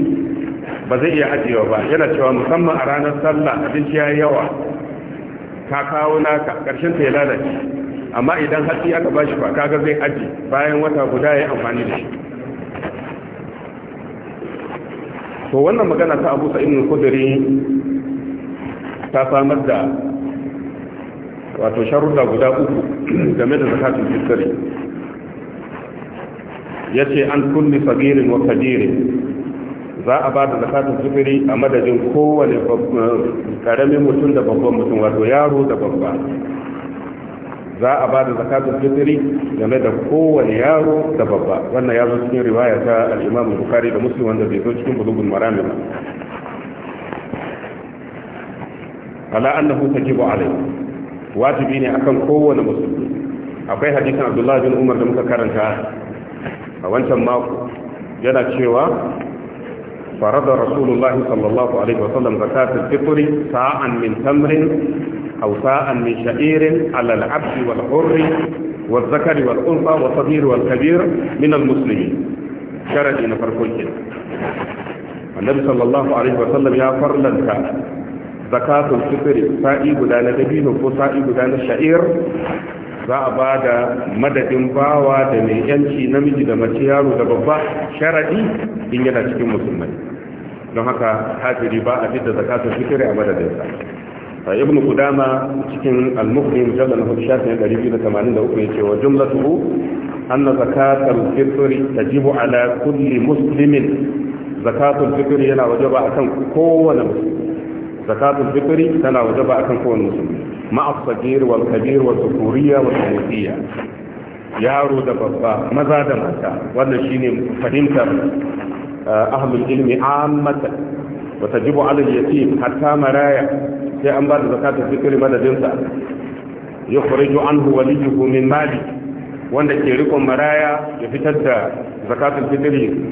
S1: ba zai iya ajiyewa ba yana cewa musamman a ranar sallah abinci ya yi yawa ka kawo naka karshen ta ya lalace amma idan hatsi aka bashi ba kaga zai aji bayan wata guda ya amfani da shi to wannan magana ta abu sa'in al-khudri ta samar da wato sharuda guda uku game da zakatun fitri yace an kulli sagirin wa kabirin za a ba da zakatun fitri a madadin kowane karamin mutum da babban mutum wato yaro da babba za a ba da zakatul fitri game da kowane yaro da babba wannan ya zo cikin riwaya ta al-Imam Bukhari da Muslim wanda bai zo cikin bulugul maram ba ala annahu tajibu alayhi wajibi ne akan kowane musulmi akwai hadisin Abdullahi bin Umar da muka karanta a wancan mako yana cewa farada rasulullahi sallallahu alaihi wasallam zakatul fitri sa'an min tamrin أو ساء من شعير على العبد والحر والذكر والأنثى والصغير والكبير من المسلمين شرعي نفرقون كده النبي صلى الله عليه وسلم يا فرلن كان زكاة الفطر سائي بدان دبين وسائي بدان الشعير za a ba da madadin bawa da mai yanci namiji da mace yaro da babba sharadi in yana cikin musulmai don haka hajjiri ba a fidda zakatun fitri a madadinsa ibn qudama cikin al-mukhrim jalla na shafin 283 yace wa jumlatuhu anna zakatul fitri tajibu ala kulli muslimin zakatul fitri yana wajaba akan kowane musulmi zakatul fitri tana wajaba akan kowane musulmi ma'a sagir wal kabir wa dhurriya wa thalathiyya yaro da babba maza da mata wannan shine fahimtar ahlul ilmi ammatan wa tajibu ala al-yatim hatta maraya sai an ba da zakatul fitr madadinsa yukhriju anhu waliyuhu min mali wanda ke rikon maraya ya fitar da zakatun fitr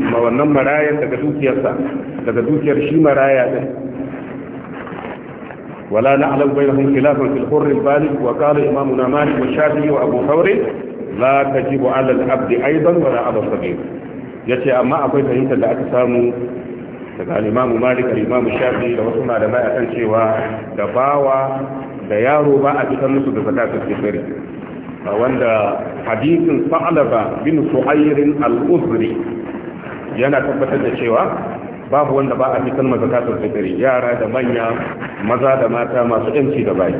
S1: ma wannan marayan daga dukiyarsa daga dukiyar shi maraya din ولا نعلم بينهم خلافا في الحر البالغ وقال إمامنا مالك والشافعي وأبو ثور لا تجب على العبد أيضا ولا على الصغير yace amma akwai fahimtar da aka samu daga al'imamu malik al'imamu shafi da wasu malamai a kan cewa da bawa da yaro ba a fitar musu da zakatul Ba wanda hadisin fa'alaba bin su'airin al-uzri yana tabbatar da cewa babu wanda ba a fitar masa zakatul fitri yara da manya maza da mata masu yanci da bayi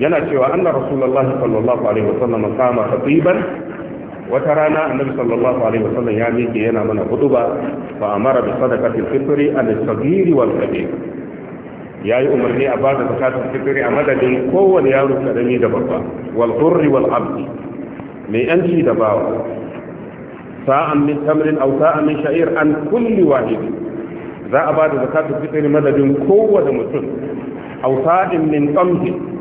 S1: yana cewa anna rasulullahi sallallahu alaihi wasallam kama khatiban wata rana annabi sallallahu alaihi wasallam ya miƙe yana mana huduba fa amara bi sadaqati fitri al sabiri wal kabir yayi umarni a bada zakatul fitri a madadin kowane yaro karami da babba wal hurri wal abdi mai yanci da bawa sa'an min tamrin aw sa'an min sha'ir an kulli wahid za a bada zakatul fitri madadin kowane mutum aw sa'in min qamhi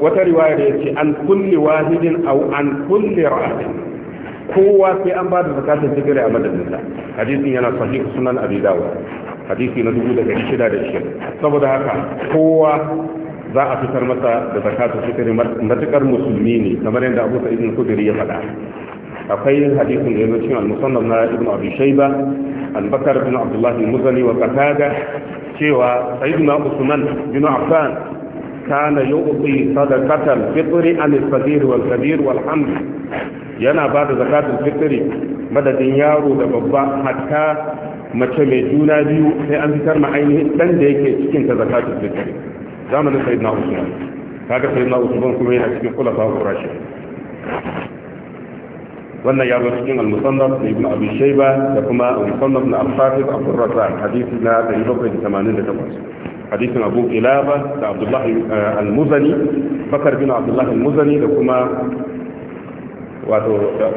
S1: wata riwaya da yace an kulli wahidin aw an kulli ra'atin kowa sai an ba da zakatun fitr a madadinsa hadisin yana sahih sunan abi dawud hadisi na 1620 saboda haka kowa za a fitar masa da zakatun fitr matukar musulmi ne kamar yadda Abu Sa'id al-Khudri ya faɗa akwai hadisin da yanzu cikin al-musannaf na Ibn Abi Shayba al-Bakr ibn Abdullah al-Muzani wa Qatada cewa Sayyidina Usman bin Affan kana yu'ti sadaqatal fitri an as-saghir wal yana ba da zakatul fitri madadin yaro da babba hatta mace mai juna biyu sai an fitar ma ainihin dan da yake cikin ta zakatul fitri zamanin sayyidina usman kaga sayyidina usman kuma yana cikin kula ar-rashid wannan ya zo cikin al-musannaf da ibn abi shayba da kuma al-musannaf na al-hafiz abdurrazzaq hadisi na 788 hadisin abu kilaba da abdullahi eh, al-muzani bakar bin abdullahi al-muzani da kuma wato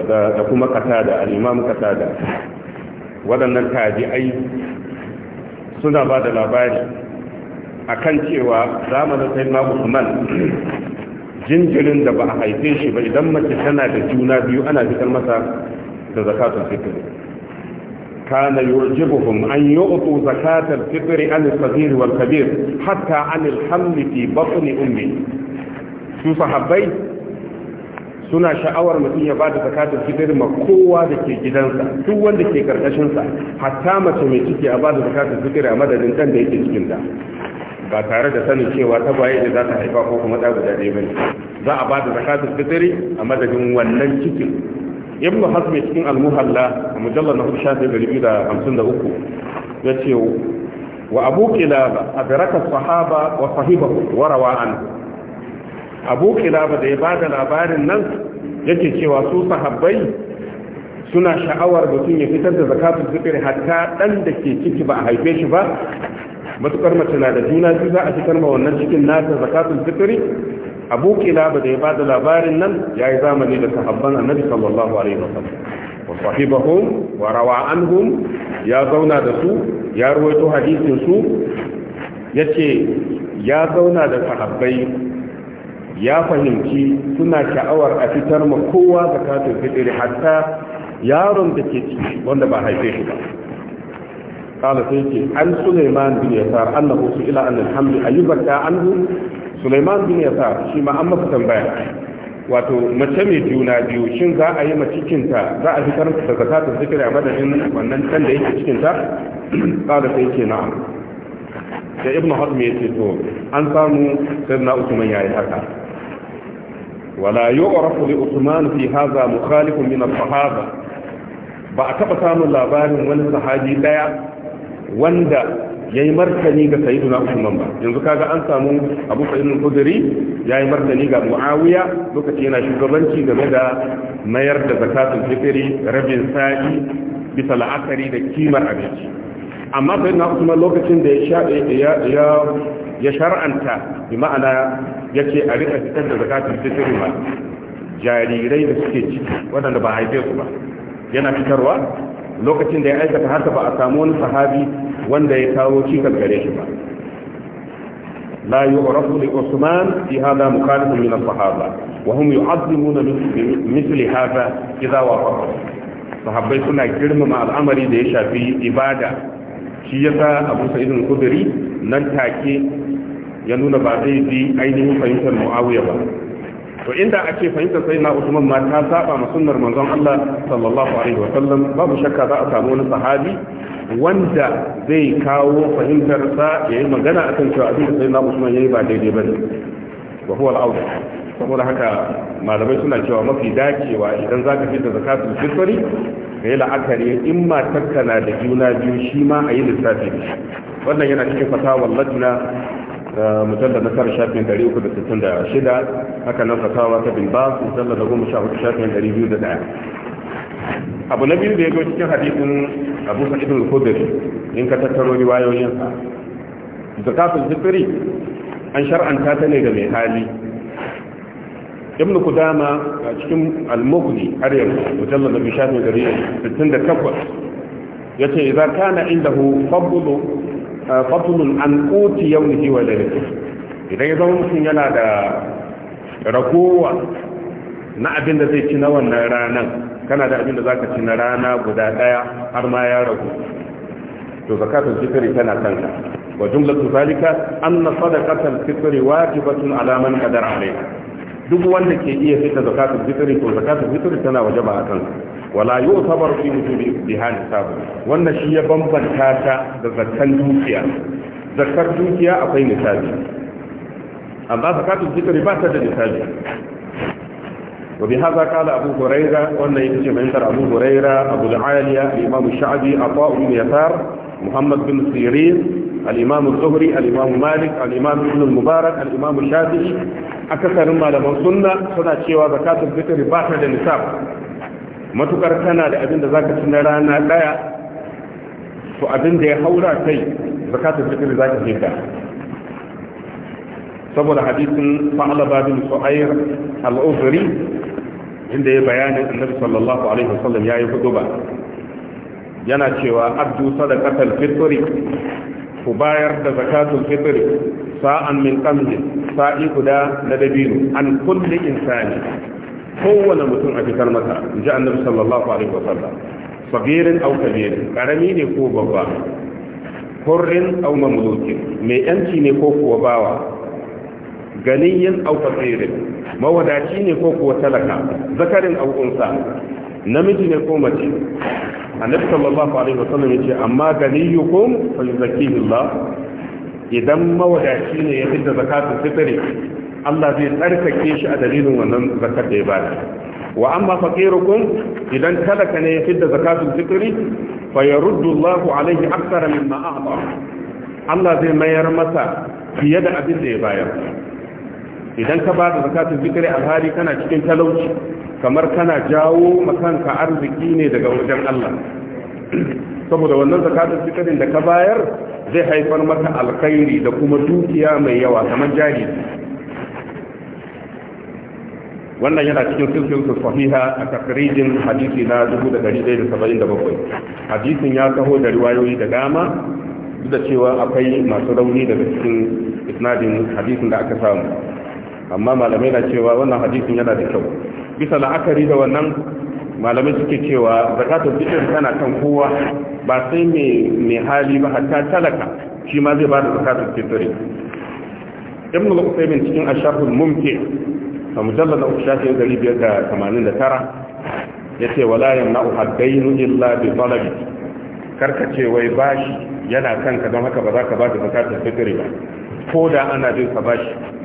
S1: da kuma katada al-imam katada waɗannan tabi'ai suna ba da labari akan cewa zamanin sayyidina Usman jinjirin da ba a haife shi ba idan mace tana da juna biyu ana fitar masa da zakatun fitr كان يعجبهم أن يعطوا زكاة الفطر عن الصغير والكبير حتى عن الحمل في بطن أمه su sahabbai suna sha'awar mutum ya bada zakatul fitar ma kowa da ke gidansa duk wanda ke karkashin sa hatta mace mai ciki a bada zakatul fitar a madadin kan da yake cikin da ba tare da sanin cewa ta baye da za ta haifa ko kuma da guda ɗaya za a bada zakatar fitar a madadin wannan cikin ibnu hazmi cikin almuhalla, a mujallar na shafi 253 yace wa abu kilaba ya sahaba wa sahiba wa rawa an abu kilaba da ya bada labarin nan yake cewa su sahabbai suna sha'awar mutum ya fitar da zakatun fitr hatta ɗan da ke ciki ba a haife shi ba matukar mace na da juna biyu za a fitar ma wannan cikin nata zakatun fitr abu kilaba da ya bada labarin nan ya yi zamani da sahabban annabi sallallahu alaihi wasallam wa sahibahum wa rawa anhum ya zauna da su ya ruwaito hadisin su yace ya zauna da sahabbai ya fahimci suna sha'awar a fitar ma kowa zakatun fitri hatta yaron da ke ciki wanda ba haife shi ba قال سيدي عن سليمان بن يسار أنه سئل عن الحمد أيبكى عنه Suleiman bin Yasa shi ma an masa tambaya wato mace mai juna biyu shin za a yi macikinta za a fitar da zakatun zikiri a madadin wannan can da yake cikinta kada sai ke na da ibn hazm ya ce to an samu sirna usman yayi haka wala yu'rafu li usman fi hadha mukhalifun min as-sahaba ba a taba samun labarin wani sahabi daya wanda ya yi martani ga na Usman ba yanzu kaga an samu Abu Sa'id al ya yi martani ga Muawiya lokaci yana shugabanci game da mayar da zakatul fitiri, rabin sa'i bisa la'akari da kimar abinci amma na Usman lokacin da ya ya ya shar'anta bi ma'ana yace a rika fitar da zakatul fitiri ma jarirai da suke ciki waɗanda ba haife su ba yana fitarwa lokacin da ya aikata haka ba a samu wani sahabi wanda ya kawo cikas gare shi ba la yu'rafu li usman fi hadha mukhalifun min as-sahaba wa hum yu'azzimuna mithli hadha idha wafaqa sahabbai suna girmama al'amari da ya shafi ibada shi yasa Abu Sa'id al-Khudri nan take ya nuna ba zai bi ainihin fahimtar Muawiya ba to inda a ce fahimtar sai na usman ma ta saba ma sunnar manzon Allah sallallahu alaihi wa sallam babu shakka za a samu wani sahabi wanda zai kawo fahimtar sa yi magana akan cewa abin da sai na usman yayi ba daidai bane wa huwa al-awd saboda haka malamai suna cewa mafi dacewa idan za ka fita zakatul fitri ka yi la'akari in matarka na da juna biyu shi ma a yi lissafi wannan yana cikin fasawar lajna mujallar na kare shafin 366 haka nan fatawa ta bin ba mujallar na goma sha hudu shafin 201 abu na biyu da ya zo cikin hadisin abu sa idin khudri in ka tattaro Da sa zakatul fitri an shar'anta ta ne da mai hali ibn kudama a cikin al har yanzu mujallar na ce 68 ta na inda hu fadlu fatlun an kuti yau ne wa da idan ya zama mutum yana da rakowa na abin da zai ci na wannan ranar kana da abin da za ka ci na rana guda daya har ma ya ragu to zakatul fitri tana kanka wa jumlatu zalika anna sadaqatul fitri wajibatun ala man qadara alayha duk wanda ke iya fita zakatul fitri ko zakatul fitri tana wajaba akan wala yu'tabar fi wujubi ibtihan sabu wannan shi ya bambanta ta da zakkan dukiya zakkar dukiya akwai misali amma zakatul fitri ba ta da misali وبهذا قال أبو هريرة وأن يكتب عند أبو Abu أبو العالية الإمام shabi عطاء min يسار محمد بن سيرين الإمام الزهري الإمام مالك الإمام ابن المبارك الإمام الشافعي أكثر من لم السنه سنة شيوا زكاة الفطر باتا للنساب ما تكرتنا لأبن ذاك سنرانا لايا فأبن دي حولا كي زكاة الفطر ذاك الهدى سبب الحديث فعل باب سعير الأزري عند بيان النبي صلى الله عليه وسلم يا يفدوبا yana cewa abdu sadaqatal fitri ku bayar da zakatul fitri sa'an min qamhi sa'i guda na dabiru. an kulli insani kowane mutum a fitar masa ji annabi sallallahu alaihi wasallam sagirin aw kabir karami ne ko babba hurrin aw mamlukin mai yanci ne ko kuwa bawa ganiyin aw fasirin mawadaci ne ko kuwa talaka zakarin aw unsa namiji ne ko mace annabi sallallahu alaihi wasallam yace amma ganiyukum fa yuzakkihi Allah idan mawadaci ne ya fidda zakatun fitri Allah zai tsarkake shi a dalilin wannan zakat da ya bada wa amma faqirukum idan talaka ne ya fidda zakatun fitri fa yaruddu Allah alaihi akthara mimma a'ta Allah zai mayar masa fiye da abin da ya bayar idan ka ba da zakatun fitri alhali kana cikin talauci kamar kana jawo makanka arziki ne daga wajen Allah saboda wannan zakatun fitrin da ka bayar zai haifar maka alkhairi da kuma dukiya mai yawa kamar jari wannan yana cikin silsilsu sahiha a takarijin hadisi na 1177 hadisin ya taho da riwayoyi da dama duk da cewa akwai masu rauni daga cikin isnadin hadisin da aka samu amma malamai na cewa wannan hadisin yana da kyau bisa la'akari da wannan malamai suke cewa zakatun fitr tana kan kowa ba sai mai hali ba hatta talaka shi ma zai ba da zakatul fitr ibn al-Uthaymeen cikin ashaful mumkin a mujallal na da 589 ya ce wala yamna'u haddainu illa bi talabi karka ce wai bashi yana kanka don haka ba za ka ba da zakatun fitr ba ko da ana bin ka bashi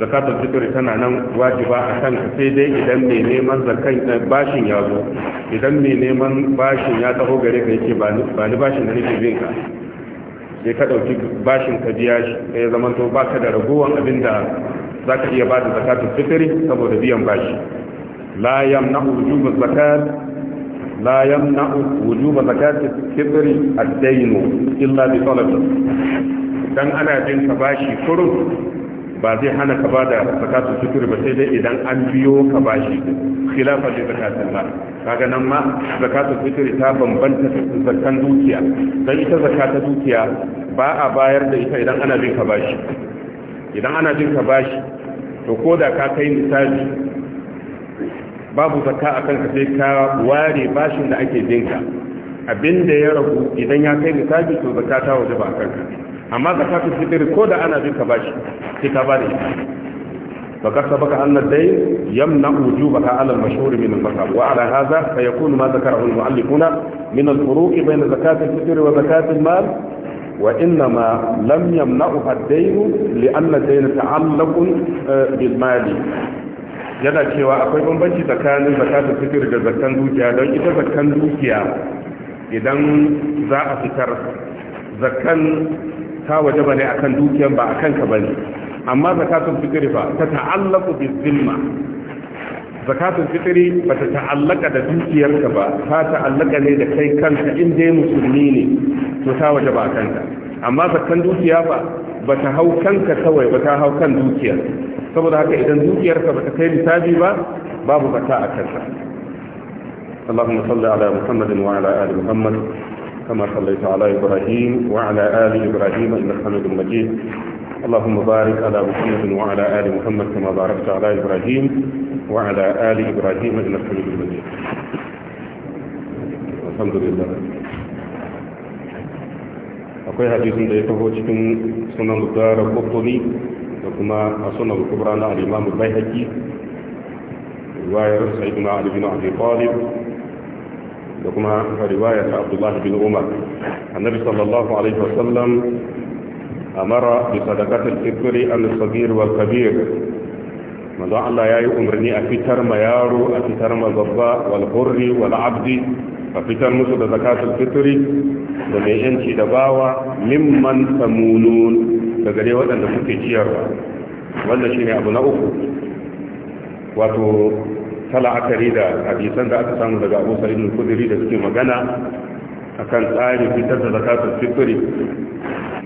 S1: zakatul fitr tana nan wajiba a kanka sai dai idan mai neman zakan eh, bashin ya zo idan mai neman bashin ya taho gare ka yake ba ni bashin da nake bin ka sai ka dauki bashin ka biya shi ya zama to baka da ragowan abin da zaka iya ba da zakatul fitr saboda biyan bashi la yamna'u wujub zakat la yamna'u wujub zakatul fitr ad-dayn illa bi talabi dan ana bin ka bashi kurun ba zai hana ka ba da zakatun sukuri ba sai dai idan an biyo ka ba shi khilafa da zakatun ba kaga nan ma zakatun sukuri ta bambanta zakatun dukiya don ita zakata dukiya ba a bayar da ita idan ana bin ka ba shi idan ana bin ka ba shi to ko da ka kai misali babu zakka akan ka sai ka ware bashin da ake binka abinda ya ragu idan ya kai misali to zakata waje ba kanka amma zakatul fitiri ko da ana bin ka bashi sai ka bada ita فقد سبق أن الدين يمنع وجوبها على المشهور من الفقر وعلى هذا فيكون ما wa المؤلفون من الفروق بين زكاة الفطر وزكاة المال وإنما لم يمنعها الدين لأن الدين تعلق بالمال yana cewa akwai bambanci tsakanin zakatun fitir da zakkan dukiya don ita zakkan dukiya idan za a fitar zakkan ta waje bane akan dukiyan ba akan ka bane amma zakatul fitri fa ta ta'allaqu bi zimma zakatul fitri ba ta ta'allaka da dukiyarka ba ta ta'allaka ne da kai kanka in dai musulmi ne to ta waje ba kanka amma zakan dukiya ba ba ta hau kanka kawai ba ta hau kan dukiyar saboda haka idan dukiyarka ba ta kai misali ba babu zaka a kanka اللهم صل على محمد وعلى آل محمد كما صليت على إبراهيم وعلى آل إبراهيم إنك حميد مجيد اللهم بارك على محمد وعلى آل محمد كما باركت على إبراهيم وعلى آل إبراهيم إنك حميد مجيد الحمد لله akwai hadisin da ya taho cikin sunan gara kuttuni da kuma a sunan kubra na al'imamu bai haƙi riwayar sa'iduna ali bin abi talib da kuma riwaya ta abdullah bin umar annabi sallallahu alaihi wasallam amara bi sadaqatil fitri an sagir wal kabir manzo Allah yayi umarni a fitar ma yaro a fitar ma babba wal hurri wal abdi a fitar musu da zakatul fitri da mai yanci da bawa mimman samunun daga dai waɗanda suke ciyarwa wannan shine abu na uku wato ta la'akari da hadisan da aka samu daga abu sa'idun kudiri da suke magana a kan tsari fitar da zakatun fitri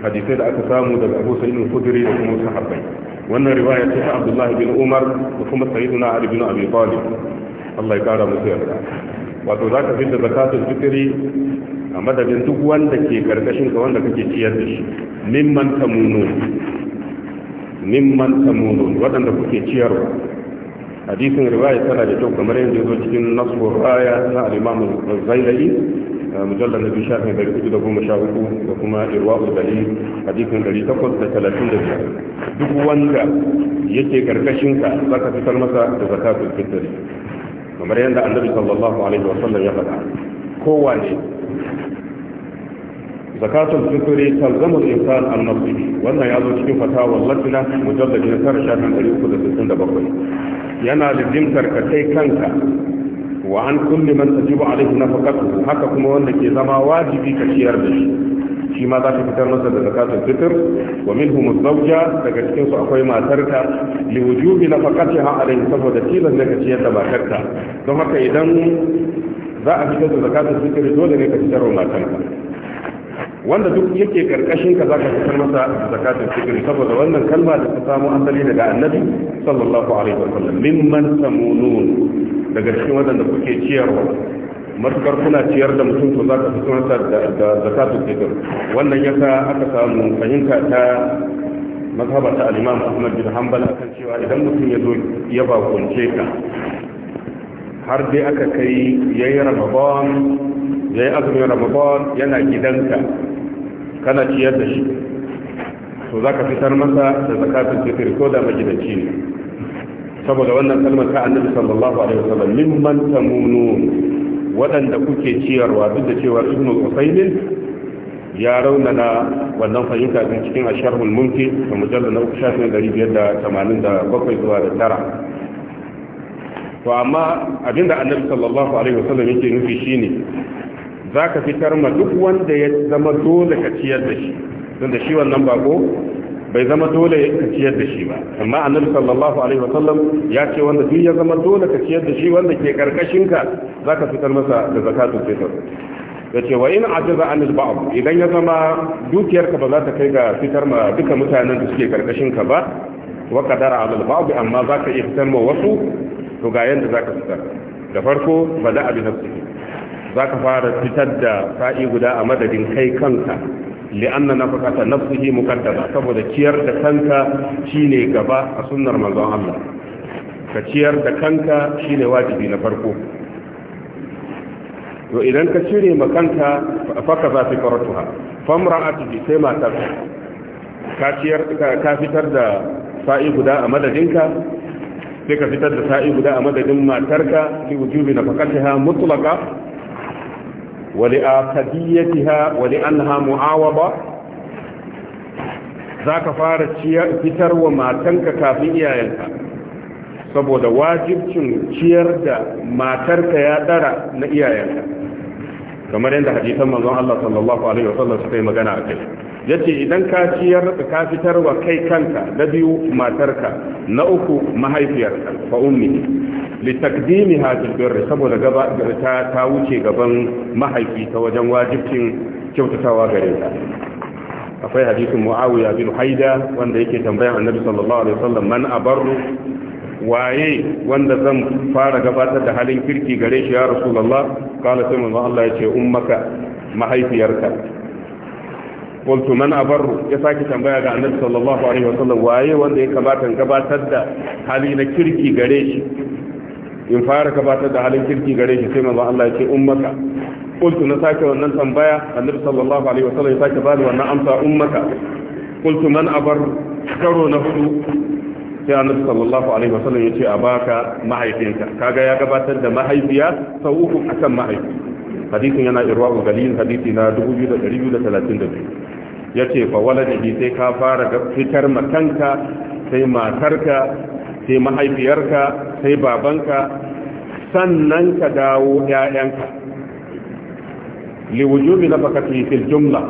S1: hadisai da aka samu daga abu sa'idun kudiri da kuma sahabbai wannan riwaya ce ta abdullah bin umar da kuma sa'iduna na bin na talib Allah ya kara musu yarda wato zaka fitar da zakatul fitri a madadin duk wanda ke karkashin ka wanda kake ciyar da shi mimman tamunu mimman tamunu Waɗanda kuke ciyarwa hadisin riwaya tana da kyau kamar yadda zo cikin nasbur aya na al-imam zailai mujallal na bishar ne dari da goma sha uku da kuma irwa'u dalil hadisin dari takwas da talatin da biyar duk wanda yake karkashin ka zaka fitar masa da zakatul fitri kamar yadda annabi sallallahu alaihi wa sallam ya faɗa kowane zakatul fitri talzamu al-insan an-nafsi wannan ya zo cikin fatawa latina mujallal na 9 shafin 367 yana lizimtar ka kai kanka wa an kulli man tajibu alaihi nafaqatu haka kuma wanda ke zama wajibi ka ciyar da shi shi ma za ka fitar masa da zakatul fitr wa minhum zawja daga cikin su akwai matarka li wujubi nafaqatiha alaihi saboda tilan da ka ciyar da matarka don haka idan za a fitar da zakatul fitr dole ne ka fitar wa matarka wanda duk yake karkashin ka zaka fitar masa zakatun fitr saboda wannan kalma da ta samu asali daga annabi sallallahu alaihi wasallam mimman samunun daga cikin wadanda kuke ciyarwa matukar kuna ciyar da mutum to zaka fitar masa da zakatun fitr wannan yasa aka samu fahimta ta mazhaba ta al-imam Ahmad bin Hanbal akan cewa idan mutum ya zo ya ba kunce ka har dai aka kai yayi Ramadan yayin azumin Ramadan yana gidanka kana ciyar da shi to za ka fitar masa da zakatun fitr ko da magidanci ne saboda wannan kalmar ta annabi sallallahu alaihi wasallam mimman tamunun waɗanda kuke ciyarwa duk da cewa ibnu usaymin ya raunana wannan fahimta din cikin asharhul mumti da mujallal na uku shafin ɗari biyar da tamanin da bakwai zuwa da tara to amma abinda annabi sallallahu alaihi wasallam yake nufi shine za ka fitar ma duk wanda ya zama dole ka ciyar da shi don da shi wannan bako bai zama dole ka ciyar da shi ba amma annabi sallallahu alaihi wasallam ya ce wanda duk ya zama dole ka ciyar da shi wanda ke za ka fitar masa da zakatul fitr yace wa in ajaza anil ba'd idan ya zama dukiyarka ba za ta kai ga fitar ma duka mutanen da suke karkashin ka ba wa qadara alal ba'd amma za ka iya fitar ma wasu to ga yanda ka fitar da farko bada abi nafsihi za ka fara fitar da sa'i guda a madadin kai kanka li'anna na fakata nafsihi mukaddama saboda ciyar da kanka shine gaba a sunnar manzon Allah ka ciyar da kanka shine wajibi na farko to idan ka cire ma kanka faka za fi faratuha famra'atu bi sai matar ka ciyar ka fitar da sa'i guda a madadinka sai ka fitar da sa'i guda a madadin matarka fi wujubi nafaqatiha mutlaqa ولآكديتها ولأنها معاوضة ذاك فارة فتر وما تنك kafin ينكا saboda wajibcin ciyar da matarka ya dara na iyayenka kamar yadda hadisan manzon Allah sallallahu alaihi wasallam suka yi magana a kai yace idan ka ciyar ka fitar wa kai kanka na biyu matarka na uku mahaifiyarka fa ummi litakdimi hajjin birri saboda gaba ta ta wuce gaban mahaifi ta wajen wajibcin kyautatawa gare ta akwai hadisin muawiya bin haida wanda yake tambayan annabi sallallahu alaihi wasallam man abarru waye wanda zan fara gabatar da halin kirki gare shi ya rasulullah qala sai manzo Allah yace ummaka mahaifiyarka qultu man abarru ya saki tambaya ga annabi sallallahu alaihi wasallam waye wanda ya kamata gabatar da hali na kirki gare shi in fara gabatar da halin kirki gare shi sai manzon Allah ya ce ummaka qultu na sake wannan tambaya annabi sallallahu alaihi wasallam ya sake bani wannan amsa ummaka qultu man abar karo na hudu sai annabi sallallahu alaihi wasallam ya ce a baka mahaifinka kaga ya gabatar da mahaifiya sau uku akan mahaifi hadisin yana irwaul galil hadisi na 2232 yace fa waladihi sai ka fara fitar matanka sai matarka sai mahaifiyarka sai babanka sannan ka dawo ‘ya'yanka liwujubi na fakati fil jumla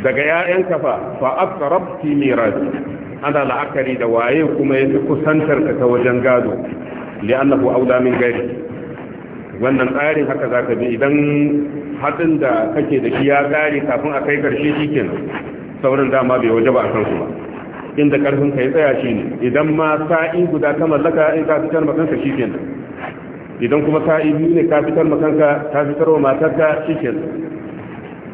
S1: daga ‘ya'yanka fa fa'aftarabti mirasi ana la'akari da waye kuma ya fi kusantarka ta wajen gado li'annahu auda min gari wannan tsarin haka za ka bi idan haɗin da kake da shi ya tsari kafin a kai ƙarshe shi kenan saurin dama bai waje ba a kansu ba inda karfin ka ya tsaya shi ne idan ma sa'i guda ka mallaka in ka fitar makanka shi kenan idan kuma sa'i biyu ne ka fitar makanka ka fitar wa matarka shi kenan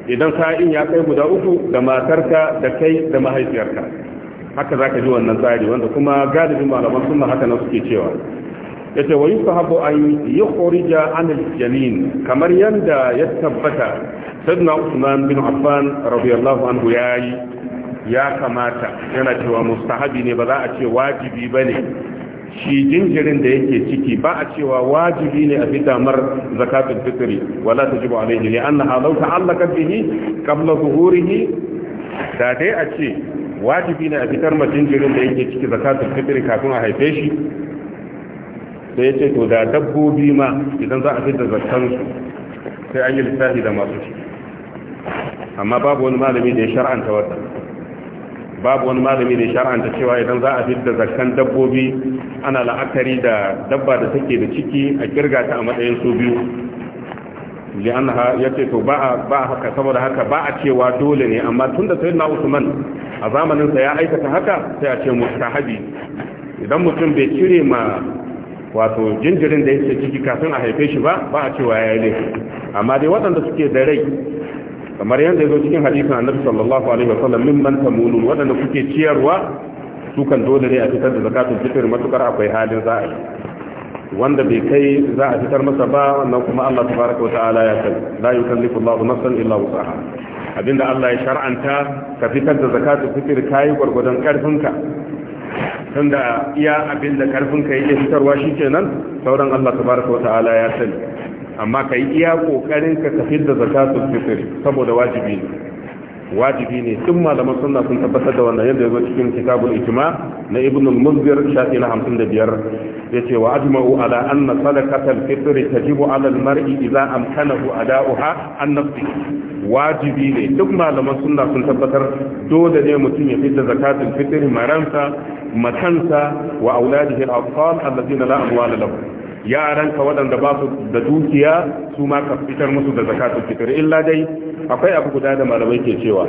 S1: idan sa'in ya kai guda uku da matarka da kai da mahaifiyarka haka za ka ji wannan tsari wanda kuma galibin malaman sunna haka na suke cewa ya ce wa yi sahabu an yi horija anil yamin kamar yadda ya tabbata sadna usman bin affan radiyallahu anhu ya yi ya kamata yana cewa mustahabi ne ba za a ce wajibi ba ne shi jinjirin da yake ciki ba a cewa wajibi ne a fi damar zakatun fitri wala ta jibo alaihi ne an halau ta'allaka bihi zuhuri zuhurihi da dai a ce wajibi ne a fitar ma jinjirin da yake ciki zakatun fitri kafin a haife shi sai ya ce to da dabbobi ma idan za a da zakkansu sai an yi lissafi da masu ciki amma babu wani malami da ya shar'anta wannan babu wani malami da cewa idan za a fidda zakkan dabbobi ana la'akari da dabba da take da ciki a kirga ta a matsayin su biyu li'anha yace to ba ba haka saboda haka ba a cewa dole ne amma tunda na Usman a zamaninsa ya aikata haka sai a ce mustahabi idan mutum bai cire ma wato jinjirin da yake ciki kafin a haife shi ba ba a cewa ya yi amma dai waɗanda suke da rai kamar yadda ya zo cikin hadisin annabi sallallahu alaihi wasallam mimman tamunun wadanda kuke ciyarwa su kan dole ne a fitar da zakatul fitr matukar akwai halin za a yi wanda bai kai za a fitar masa ba wannan kuma Allah tabaraka wa ta'ala ya san la yukallifu Allahu nafsan illa wus'aha abinda Allah ya shar'anta ka fitar da zakatul fitr kai gurgudan karfinka tunda iya abinda karfinka yake fitarwa shikenan sauran Allah tabaraka wa ta'ala ya sani amma ka yi iya kokarin ka tafi da zakatul fitr saboda wajibi ne wajibi ne tun malaman sunna sun tabbatar da wannan yadda yazo cikin kitabul ijma na ibn al-munzir shafi na 55 yace wa ajma'u ala anna sadaqatul fitr tajibu ala al-mar'i idza amkanahu ada'uha an nafsi wajibi ne duk malaman sunna sun tabbatar dole ne mutum ya fitar zakatul fitr maransa matansa wa auladihi al-atfal alladhina la amwala lahum yaranka waɗanda ba su da dukiya su ma ka fitar musu da zakatul fitr illa dai akwai abu guda da malamai ke cewa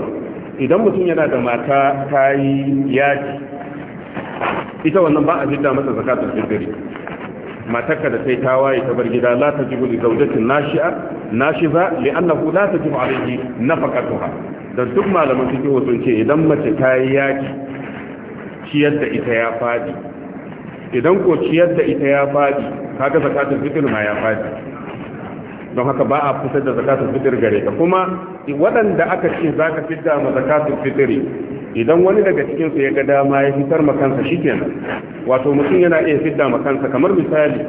S1: idan mutum yana da mata ta yi yaji ita wannan ba a jidda masa zakatul fitr matarka da sai ta waye ta bar gida la tajibu li zawjatin nashi'a nashiza li'annahu la tajibu alayhi nafaqatuha dan duk malaman fiqh sun ce idan mace ta yi yaji ciyar da ita ya fadi idan ko ciyar da ita ya faɗi kaga zakatul fitr ma ya faɗi don haka ba a fitar da zakatul fitr gare ka kuma waɗanda aka ce zaka fitar ma zakatul fitri idan wani daga cikin su ya ga dama ya fitar ma kansa shikenan wato mutum yana iya fitar ma kansa kamar misali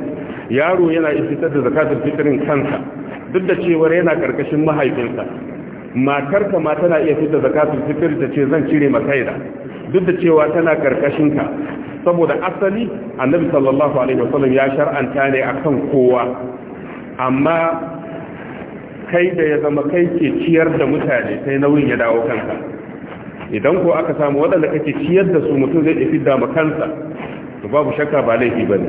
S1: yaro yana iya fitar da zakatul fitrin kansa duk da cewa yana karkashin mahaifinsa matarka ma tana iya fitar zakatul fitr ta ce zan cire maka ida duk da cewa tana karkashin ka saboda asali annabi sallallahu alaihi wasallam ya shar'anta ne akan kowa amma kai da ya zama kai ke ciyar da mutane sai nauyin ya dawo kanka idan ko aka samu waɗanda kake ciyar da su mutum zai fi da kansa to babu shakka ba laifi bane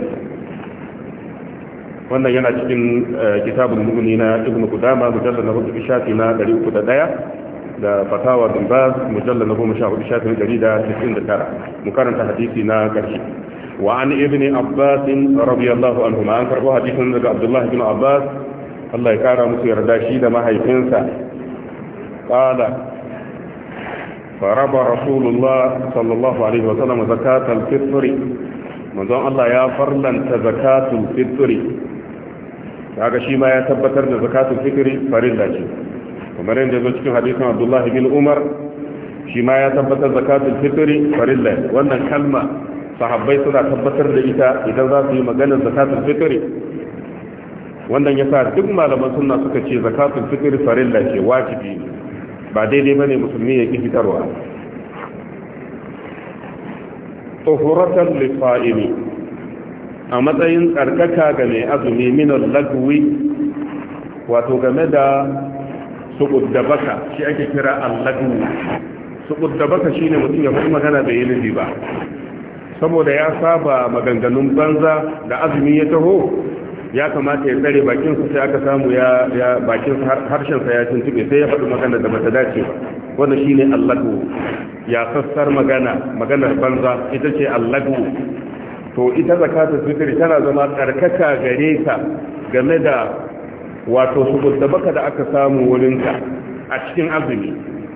S1: wannan yana cikin eh, kitabul mu'minina ibnu qudama mujallad na rubutu shafi na 301 da fatawa bin baz mujalla na goma sha hudu shafin jarida da cikin da tara mu karanta hadisi na karshe wa an ibni abbas radiyallahu anhu ma an karbo hadisin daga abdullahi bin abbas Allah ya kara musu yarda shi da mahaifinsa qala فرب رسول sallallahu alaihi wa sallam, وسلم زكاة الفطر manzon Allah ya farlanta zakatul fitri kaga shi ma ya tabbatar da zakatul fitri farilla ce kamar yadda zo cikin hadisin abdullahi bin umar shi ma ya tabbatar zakatul fitri farilla wannan kalma sahabbai suna tabbatar da ita idan za su yi maganar zakatul fitri wannan yasa duk malaman sunna suka ce zakatul fitri farilla ce wajibi ba daidai bane musulmi ya ki fitarwa tuhuratan lisa'imi a matsayin tsarkaka ga mai azumi minan lagwi wato game da suƙud shi ake kira alladu suƙud shine mutum ya fi magana da yi ba saboda ya saba maganganun banza da azumi ya taho ya kamata ya tsare bakinsa sai aka samu ya ya bakin harshensa ya tuntube sai ya faɗi magana da bata dace ba wannan shine alladu ya sassar magana maganar banza ita ce alladu to ita zakatu fitri tana zama karkaka gare ka game da wato gudda baka da aka samu wurinka a cikin azumi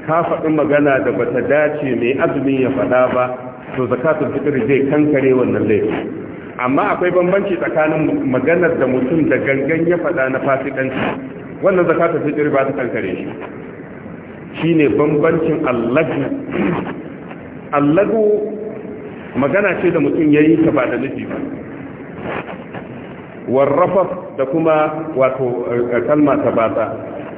S1: ka faɗi magana da bata dace mai azumin ya faɗa ba to Zakatu fitr zai kankare wannan laifi amma akwai bambanci tsakanin maganar da mutum da gangan ya faɗa na fasikanci wannan Zakatu fitr ba ta kankare shi shine bambancin allagu allagu magana ce da mutum yayi ta ba da nufi ba warrafaf da kuma wato eh, kalma ta batsa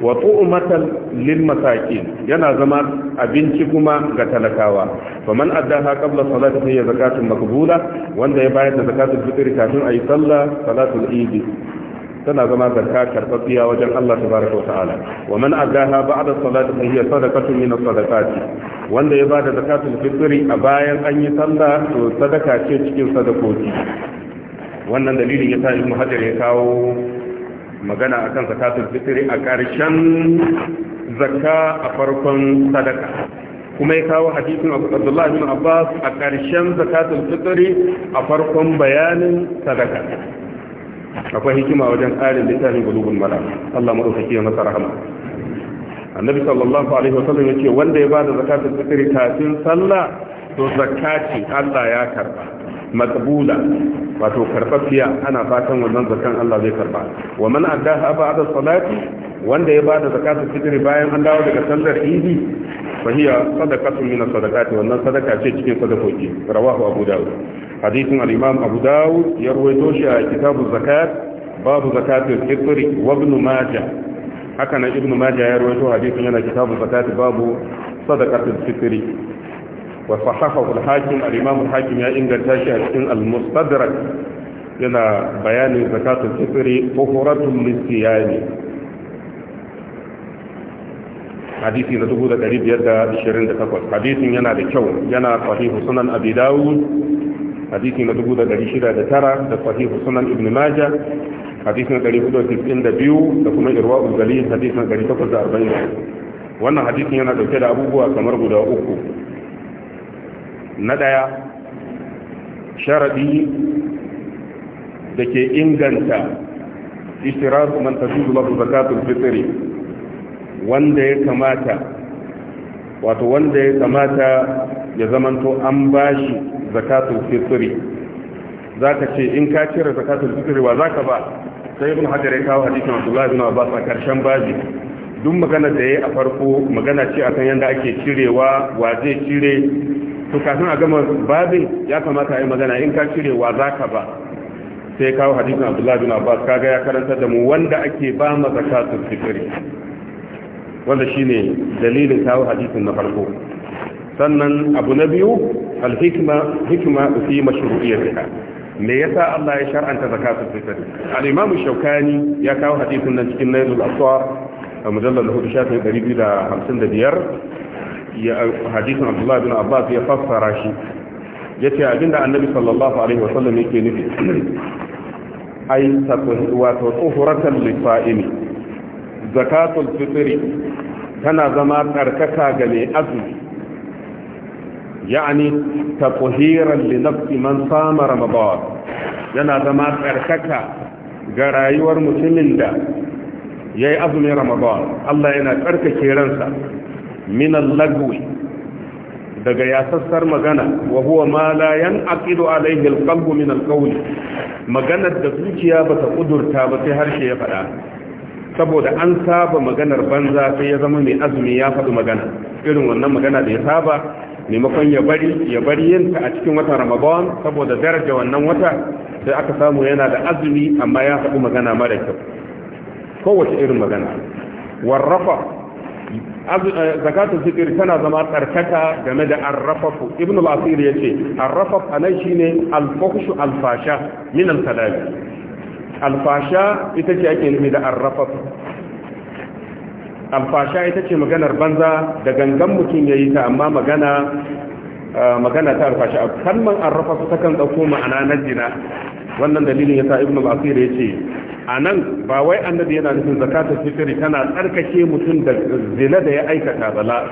S1: wato tu'matal lil masakin yana zama abinci kuma ga talakawa fa man addaha qabla salati fa zakatun maqbula wanda ya bayar da zakatul fitr kafin ayi sallah salatul eid tana zama zakka karfafiya wajen Allah tabaraka wata'ala wa man addaha ba'da salati fa hiya sadaqatun min as-sadaqat wanda ya bada zakatul fitr a bayan an yi sallah to sadaka ce cikin sadakoki wannan dalilin ya sa ibn hajar ya kawo magana akan zakatul fitri a ƙarshen zakka a farkon sadaka kuma ya kawo hadisin Abdullah bin Abbas a ƙarshen zakatul fitri a farkon bayanin sadaka akwai hikima wajen ƙarin littafin gulubul mara Allah madaukaki ya masa rahama annabi sallallahu alaihi wasallam ya ce wanda ya ba da zakatul fitri kafin sallah to zakati Allah ya karba maqbula wato karfafiya ana fatan wannan zakan Allah zai karba wa man addaha ba'da salati wanda ya bada zakatu fitri bayan an dawo daga sallar idi fa hiya sadaqatu min sadaqati wannan sadaka ce cikin sadakoki rawahu abu daud hadithun al-imam abu daud ya ruwaito shi a kitabu zakat babu zakatu fitri wa ibn majah haka nan ibn majah ya ruwaito hadithun yana kitabu zakat babu sadaqatu fitri wa sahahahu al-hakim al ya inganta shi a cikin al-mustadrak yana bayanin zakatul fitri tuhuratul lisiyani hadisi na 1528 hadisin yana da kyau yana sahihu sunan abi dawud na 1609 da sahihu sunan ibn maja hadisi na 492 da kuma irwa'ul galil hadisi na 840 wannan hadisin yana dauke da abubuwa kamar guda uku na ɗaya sharaɗi da ke inganta ishtiraku man tafizu lahu zakatun fitri wanda ya kamata wato wanda ya kamata ya zamanto an bashi zakatul fitri zaka ce in ka cire zakatun fitri wa zaka ba sai ibn hajar ya kawo hadisin Abdullah ibn Abbas a karshen baji duk magana da yayi a farko magana ce akan yanda ake cirewa wa zai cire to kafin a gama babin ya kamata a yi magana in ka cire wa za ka ba sai kawo hadisin abdullahi bin abbas kaga ya karanta da mu wanda ake ba ma zakatun fitiri. wanda shine dalilin kawo hadisin na farko sannan abu na biyu alhikma hikma fi mashru'iyyatiha me yasa Allah ya shar'anta zakatul fitiri. al-imam shaukani ya kawo hadisin nan cikin nailul aswar a mujallal hudu shafin 255 hadisin abdullahi bin abbas ya fassara shi ya ce abinda annabi sallallahu alaihi wasallam yake nufi ai wato tsohuratan lissa'ini zakatul fitri tana zama karkata ga mai azumi ya'ani taqhiran li nafsi man sama ramadan yana zama karkata ga rayuwar mutumin da yayi azumin ramadan Allah yana karkake ransa minan lagwi daga yasassar magana wa huwa ma la yanqidu alayhi alqalbu min alqawl maganar da zuciya bata kudurta ba sai harshe ya faɗa saboda an saba maganar banza sai ya zama mai azumi ya faɗi magana irin wannan magana da ya saba maimakon ya bari ya bari yinta a cikin watan ramadan saboda daraja wannan wata sai aka samu yana da azumi amma ya faɗi magana mara kyau kowace irin magana warrafa Eh, zakatun fitr tana zama karkata game da arrafafu ibn al-asir yace arrafaf anan shine al fakhshu al-fasha min al-kalam al-fasha ita ce ake nufi da arrafaf al-fasha ita ce maganar banza da gangan mutum yayi ta amma magana eh, magana ta al-fasha kalman arrafafu takan dauko ma'ana na jina wannan dalilin yasa ibn al-asir yace a nan ba wai annabi yana nufin zakatul fitri tana tsarkake mutum da zina da ya aikata bala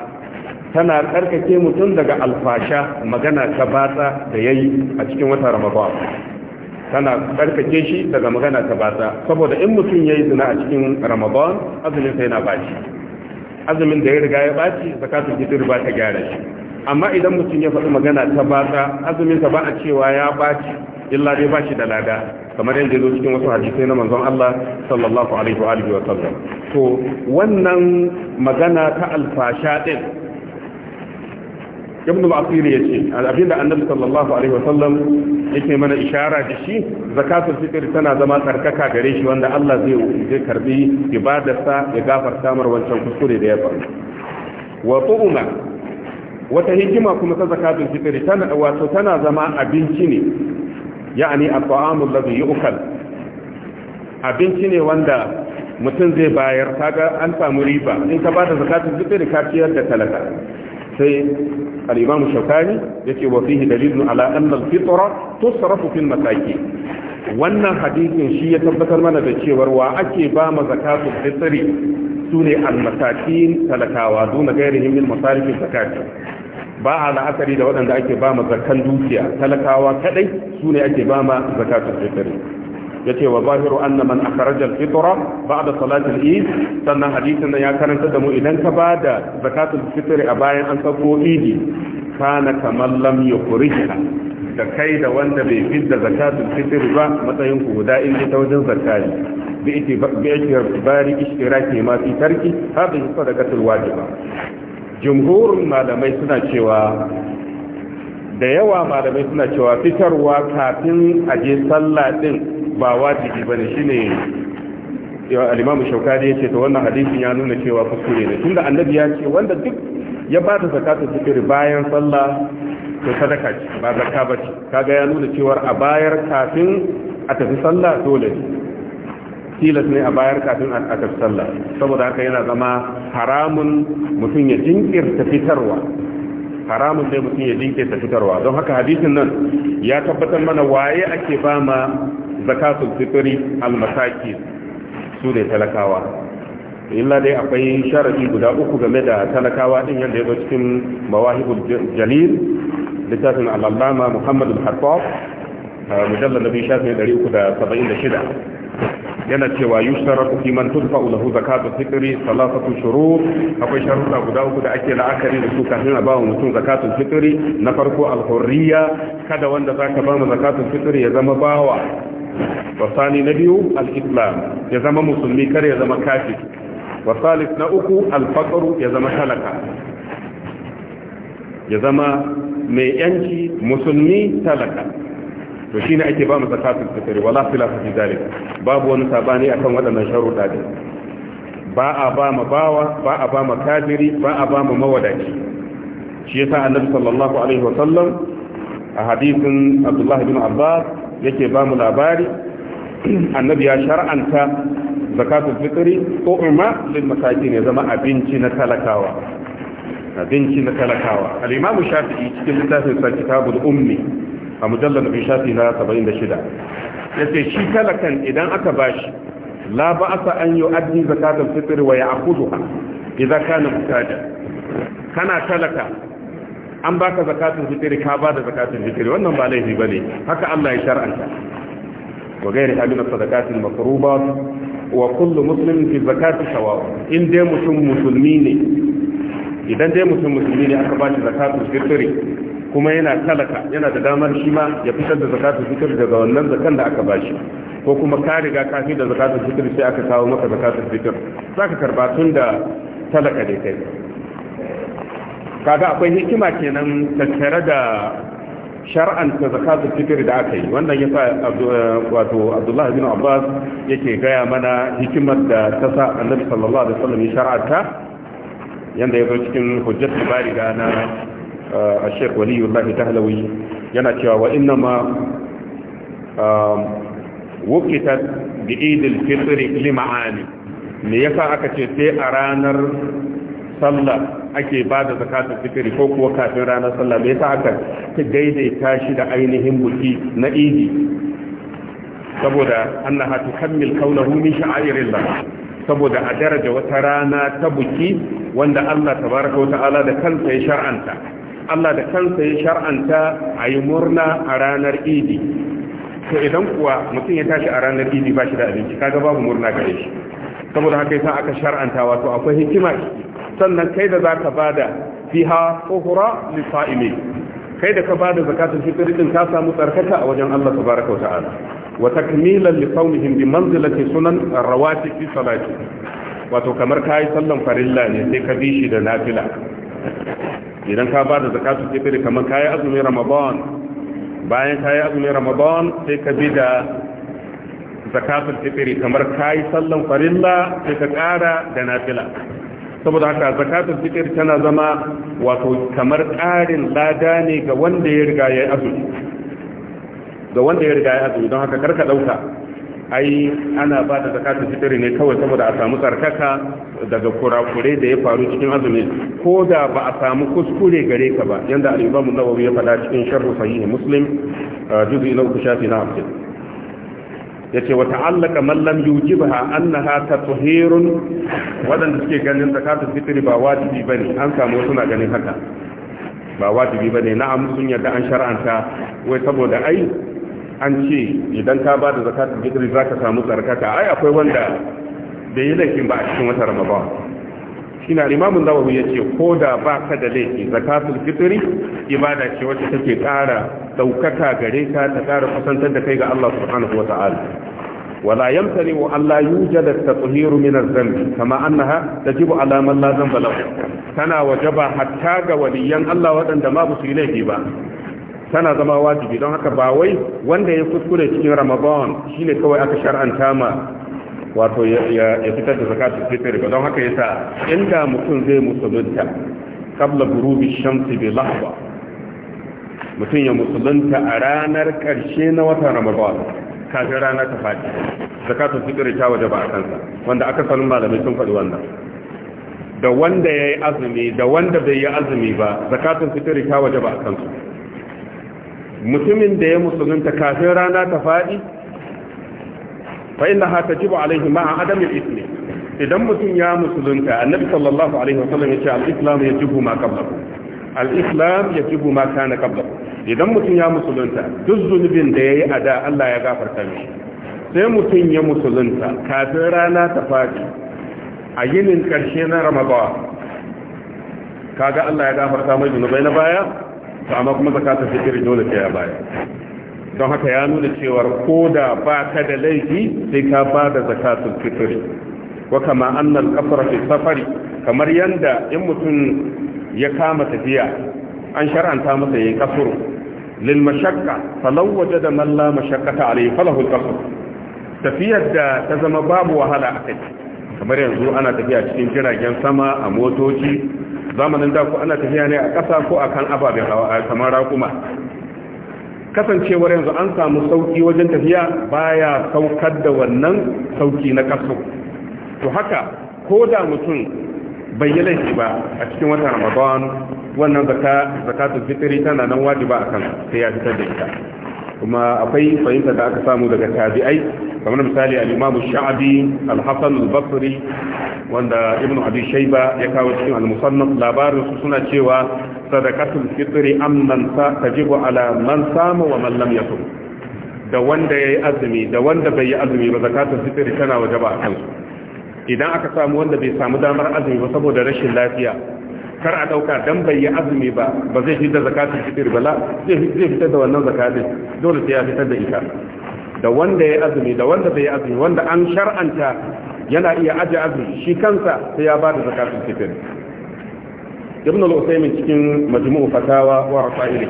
S1: tana tsarkake mutum daga alfasha magana ta batsa da yayi a cikin wata ramadan tana tsarkake shi daga magana ta batsa saboda in mutum yayi zina a cikin ramadan azumin sai yana baci azumin da ya riga ya baci zakatul fitri ba ta gyara shi amma idan mutum ya faɗi magana ta batsa azumin sa ba a cewa ya baci illa dai ba shi da lada kamar yadda zo cikin wasu hadisai na manzon Allah sallallahu alaihi wa alihi wa sallam to wannan magana ta alfasha din ibn al-asiri yace abinda annabi sallallahu alaihi wa sallam yake mana ishara da shi zakatul fitr tana zama tsarkaka gare shi wanda Allah zai zai karbi ibadarsa ya gafarta mar wancan kuskure da ya faru wa wata hikima kuma ta zakatul fitr tana wato tana zama abinci ne ya'ani at-ta'amul ladhi yu'kal abinci ne wanda mutum zai bayar kaga an samu riba in ka ba da zakatun fitr da ciyar da talaka sai al-imam shaukani yace wa fihi dalilin ala anna al-fitra tusrafu mataki wannan hadisin shi ya tabbatar mana da cewar wa ake ba ma zakatul fitr sune al-masakin talakawa duna gairihim min masarif zakati ba a la'akari da waɗanda ake ba ma zakan dukiya talakawa kaɗai su ne ake ba ma zakatul ya ce wa zahiru anna man akhraja al-fitra ba'da salati al sannan hadisin nan ya karanta da mu idan ka ba da zakatun fitr a bayan an sako idi kana kaman lam yukhrijha da kai da wanda bai fidda zakatun fitiri ba matsayin ku guda in ta wajen zakari bi ita bi ita bari ishtiraki ma fi da hadhihi sadaqatul ba. jumhurin malamai suna cewa da yawa malamai suna cewa fitarwa kafin a je sallah din ba wajibi bane shine al-Imam Shawkani yace to wannan hadisin ya nuna cewa kuskure ne tunda annabi ya ce wanda duk ya ba da zakatul fitr bayan sallah to sadaka ce ba zakka bace kaga ya nuna cewa a bayar kafin a tafi sallah dole ne tilas ne a bayar kafin al'adar sallah saboda haka yana zama haramun mutum ya jinkirta fitarwa haramun ne mutum ya jinkirta fitarwa don haka hadisin nan ya tabbatar mana waye ake ba ma zakatul fitri almasaki su ne talakawa illa dai akwai sharadi guda uku game da talakawa din yadda ya zo cikin mawahibul jalil littafin al'allama muhammad al-harfaf mujallal nabi shafi 376 yana cewa yushtaratu fi man tudfa'u lahu zakatu fitri salasatu shurut akwai sharuɗa guda uku da ake la'akari da su kafin a bawa mutum zakatun fitri na farko alhurriya kada wanda zaka ba mu zakatun fitri ya zama bawa wasani na biyu al-islam ya zama musulmi kar ya zama kafir wasalis na uku al-faqru ya zama talaka ya zama mai yanci musulmi talaka to shine ake ba mu zakatul fitr wala khilafa fi zalik babu wani sabani akan waɗannan sharuɗa din ba a ba ma bawa ba a ba ma kafiri ba a ba ma mawadaci shi yasa annabi sallallahu alaihi wa sallam a hadisin Abdullah bin Abbas yake ba mu labari annabi ya shar'anta zakatul fitri ko umma lil masakin ya zama abinci na talakawa abinci na talakawa al-imamu shafi'i cikin littafin sa kitabul ummi a mujallar bin shafi na 76 ce, shi talakan idan aka bashi la ba a sa an addin zakatul fitr wa ya ha? ya'khudha idza kana mutada kana talaka an baka zakatul fitr ka bada zakatul fitr wannan ba laifi ba ne. haka Allah ya shar'anta wa gairi halin sadaqatil maqrubat wa kullum muslimin fi zakati sawa in dai mutum musulmi ne idan dai mutum musulmi ne aka bashi zakatul fitr kuma yana talaka yana da damar shi ma ya fitar da zakatu fitr daga wannan zakan da aka bashi ko kuma ka riga ka fi da zakatu fitr sai aka kawo maka zakatul Za zaka karba tun da talaka ne kai kaga akwai hikima kenan tattare da ta zakatu fitr da aka yi wannan yasa wato Abdullah bin Abbas yake gaya mana hikimar da ta sa Annabi sallallahu alaihi wasallam ya shar'ata yanda ya zo cikin hujjatul da na a sheikh waliyullahi tahlawi yana cewa wa inna ma wukitat bi idil fitri li ma'ani me yasa aka ce sai a ranar sallah ake ba da zakatul fitri ko kuwa kafin ranar sallah me yasa aka ta daidaita shi da ainihin buki na idi saboda annaha tukammil kaunahu min sha'airillah saboda a daraja wata rana ta buki wanda Allah baraka wa ta'ala da kansa ya shar'anta Allah da kansa ya shar'anta a yi murna a ranar idi to idan kuwa mutum ya tashi a ranar idi ba shi da abinci kaga babu murna gare shi saboda haka yasa aka shar'anta wato akwai hikima sannan kai da zaka bada fiha tuhura li sa'imi kai da ka bada zakatul fitr din ka samu tsarkaka a wajen Allah tabaaraka wa ta'ala wa takmilan li qawmihim bi manzilati sunan ar-rawatib fi salati wato kamar kai sallan farilla ne sai ka bi shi da nafila idan ka ba da zakatun fitri kamar kayi azumin ramadan bayan kayi azumin ramadan sai ka bi da zakatun fitri kamar kayi sallan farilla sai ka kara da nafila saboda haka zakatun fitri tana zama wato kamar karin lada ne ga wanda ya riga ya azumi ga wanda ya riga ya azumi don haka karka dauka ai ana ba da zakatun fitiri ne kawai saboda a samu tsarkaka daga kurakure da ya faru cikin azumi ko da ba a samu kuskure gare ka ba yanda al-Imam Nawawi ya faɗa cikin Sharh Sahih Muslim uh, juz'i na uku shafi na 50 yace wa ta'allaqa man lam yujibha annaha tatuhirun wadanda suke ganin zakatun fitiri ba wajibi bane an samu suna ganin haka ba wajibi bane na'am sun yarda an shar'anta wai saboda ai an ce idan ka ba da zakatun fitri za ka samu tsarkaka ai akwai wanda da yi laifin ba a cikin wata ramadan shi na limamin nawawi ya ce ko da ba ka da laifi zakatun fitri ibada ce wacce take ƙara ɗaukaka gare ka ta ƙara kusantar da kai ga Allah subhanahu wa ta'ala ولا يمتنع أن لا يوجد التطهير من الذنب كما أنها تجب على من لا ذنب له كان وجب حتى وليا الله ودن ما بس با tana zama wajibi don haka ba wai wanda ya kuskure cikin ramadan shine kawai aka shar'anta ma wato ya fitar da zakatun fitr ba don haka yasa inda mutum zai musulunta qabla ghurubi shamsi bi lahza mutum ya musulunta a ranar karshe na watan ramadan kafin rana ta faɗi zakatun fitr ta waje ba a kansa wanda aka sanin malamai sun faɗi wannan da wanda ya yi azumi da wanda bai yi azumi ba zakatun fitiri ta waje ba a kansu mutumin da ya musulunta kafin rana ta faɗi fa inna ha tajibu alaihi adam adamil ismi idan mutum ya musulunta annabi sallallahu alaihi wasallam ya ce al-islam yajibu ma qablahu al-islam yajibu ma kana qablahu idan mutum ya musulunta duk zunubin da yayi a da Allah ya gafarta mishi sai mutum ya musulunta kafin rana ta faɗi a yinin karshe na ramadan kaga Allah ya gafarta mai zunubai na baya to amma kuma zakatul fitr dole ta ya bayar don haka ya nuna cewa ko da ba ka da laifi sai ka ba da zakatul fitr wa kama annal fi safari kamar yanda in mutum ya kama tafiya an shar'anta masa yin kasuru lil mashaqqa falaw wajada man la mashaqqata alayhi falahu al qasr tafiyar da ta zama babu wahala a kai kamar yanzu ana tafiya cikin jiragen sama a motoci zamanin da ku ana tafiya ne a ƙasa ko akan ababen hawa kamar raƙuma kasancewar yanzu an samu sauki wajen tafiya baya saukar da wannan sauki na kaso to haka ko da mutum bai yi laifi ba a cikin watan ramadan wannan zakatul fitri tana nan wajiba akan sai ya fitar da ita kuma akwai fahimta da aka samu daga tabi'ai kamar misali al-imamu sha'abi al-hasan al-basri wanda ibnu abi shayba ya kawo cikin al-musannaf labarin su suna cewa sadaqatul fitri amman ta tajibu ala man sama wa man lam yasum da wanda yayi azumi da wanda bai yi azumi ba zakatul fitri tana wajaba a kansu idan aka samu wanda bai samu damar azumi ba saboda rashin lafiya kar a ɗauka dan bai yi azumi ba ba zai fitar zakatun fitir bala zai fitar da wannan zakatun dole sai ya fitar da ita da wanda ya azumi da wanda bai yi azumi wanda an shar'anta yana iya aje azumi shi kansa sai ya ba da zakatun fitir ibn al-usaymin cikin majmu'u fatawa wa rasailihi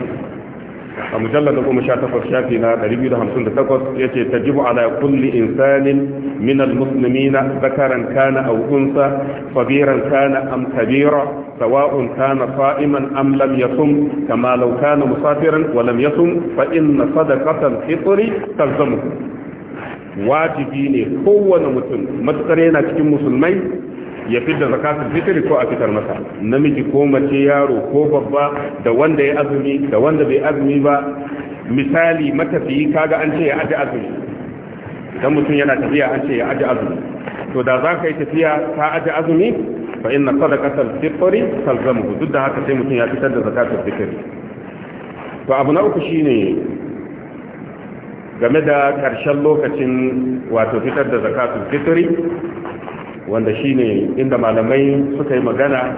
S1: a mujallar da goma sha takwas shafi na ɗari biyu da hamsin da takwas ya ce ta jibu ala kulli insanin minal na zakaran kana aw unsa sabiran kana am kabira sawa'un kana fa'iman am lam yasum kama law kana musafiran wa lam yasum fa inna sadaqatan fitri talzamu wajibi ne kowane mutum matsare na cikin musulmai ya fitar zakatul fitri ko a fitar masa namiji ko mace yaro ko babba da wanda ya azumi da wanda bai azumi ba misali matafiyi kaga an ce ya aje azumi dan mutum yana tafiya an ce ya aje azumi to da za ka yi tafiya ta aje azumi fa inna sadaqatal fitri talzamu duk da haka sai mutum ya fitar da zakatul fitri to abu na uku shine game da karshen lokacin wato fitar da zakatul fitri wanda shine inda malamai suka yi magana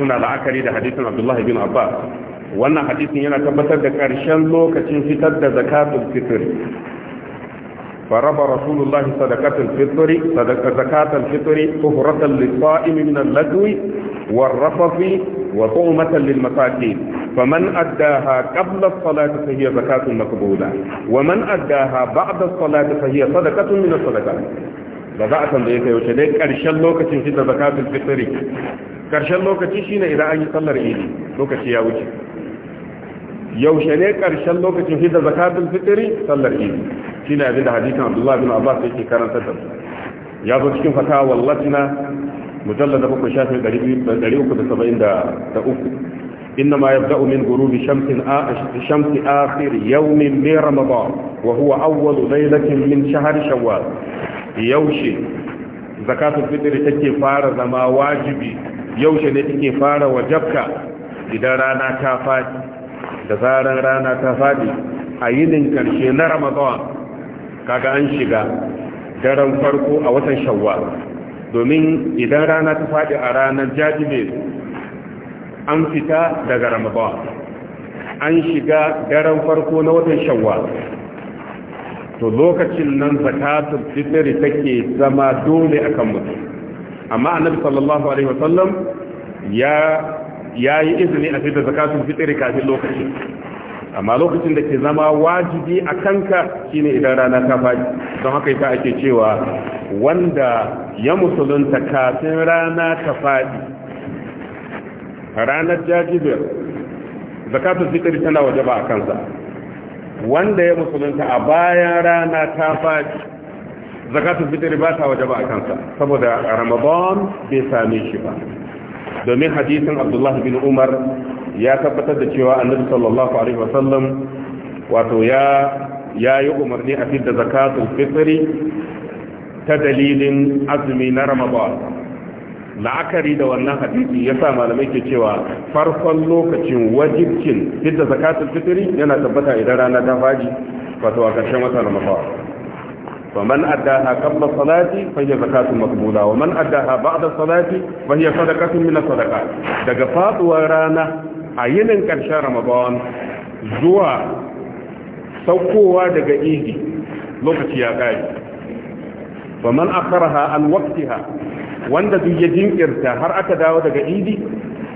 S1: suna la'akari da hadisin abdullahi bin abbas wannan hadisin yana tabbatar da ƙarshen lokacin fitar da zakatul fitr faraba rasulullahi sadaqatul fitr sadaka zakatul fitr tuhratan lis-sa'im min al-ladwi war-rafathi wa tu'matan lil-masakin faman addaha qabla as-salati fa hiya zakatun maqbula wa man addaha ba'da as-salati fa hiya sadaqatun min da za a tambaye ka yaushe dai karshen lokacin shi da zakatul fitri karshen lokaci shine idan an yi sallar idi lokaci ya wuce yaushe ne karshen lokacin shi da zakatul fitri sallar idi shine abin da hadisin Abdullahi bin Abbas yake karanta da ya zo cikin fatawa wallatina mujallada 7 shafin 373 إنما يبدأ من غروب شمس شمس آخر يوم من رمضان وهو أول ليلة من شهر شوال yaushe zakatul fitr take fara zama wajibi yaushe ne take fara wajabka idan rana ta fadi da zaran rana ta fadi a yinin karshe na ramadan kaga an shiga daren farko a watan shawwal domin idan rana ta fadi a ranar jajibe an fita daga ramadan an shiga daren farko na watan shawwal to lokacin nan zakatul fitri take zama dole akan mutum amma annabi sallallahu alaihi wasallam ya yayi izini a fitar zakatul fitri kafin lokacin amma lokacin da ke zama wajibi a kanka shine idan rana ta faɗi don haka ita ake cewa wanda ya musulunta kafin rana ta faɗi ranar jajibir zakatun zikiri tana waje ba a kansa wanda ya musulunta a bayan rana ta faɗi zakatul fitr ba ta ba a kansa saboda ramadan bai same shi ba domin hadisin abdullahi bin umar ya tabbatar da cewa annabi sallallahu alaihi wasallam wato ya yayi umarni a fitar da zakatul ta dalilin azumi na ramadan la'akari da wannan hadisi ya sa malamai ke cewa farkon lokacin wajibcin hidda zakatul fitri yana tabbata idan rana ta faji wato a ƙarshen wata ramadan wa man addaha qabla salati fa hiya zakatun maqbula wa man addaha ba'da salati fa hiya sadaqatun min sadaqat daga faduwar rana a yinin ƙarshen ramadan zuwa saukowa daga idi lokaci ya kai wa man akharaha an waqtiha wanda duk ya jinkirta har aka dawo daga idi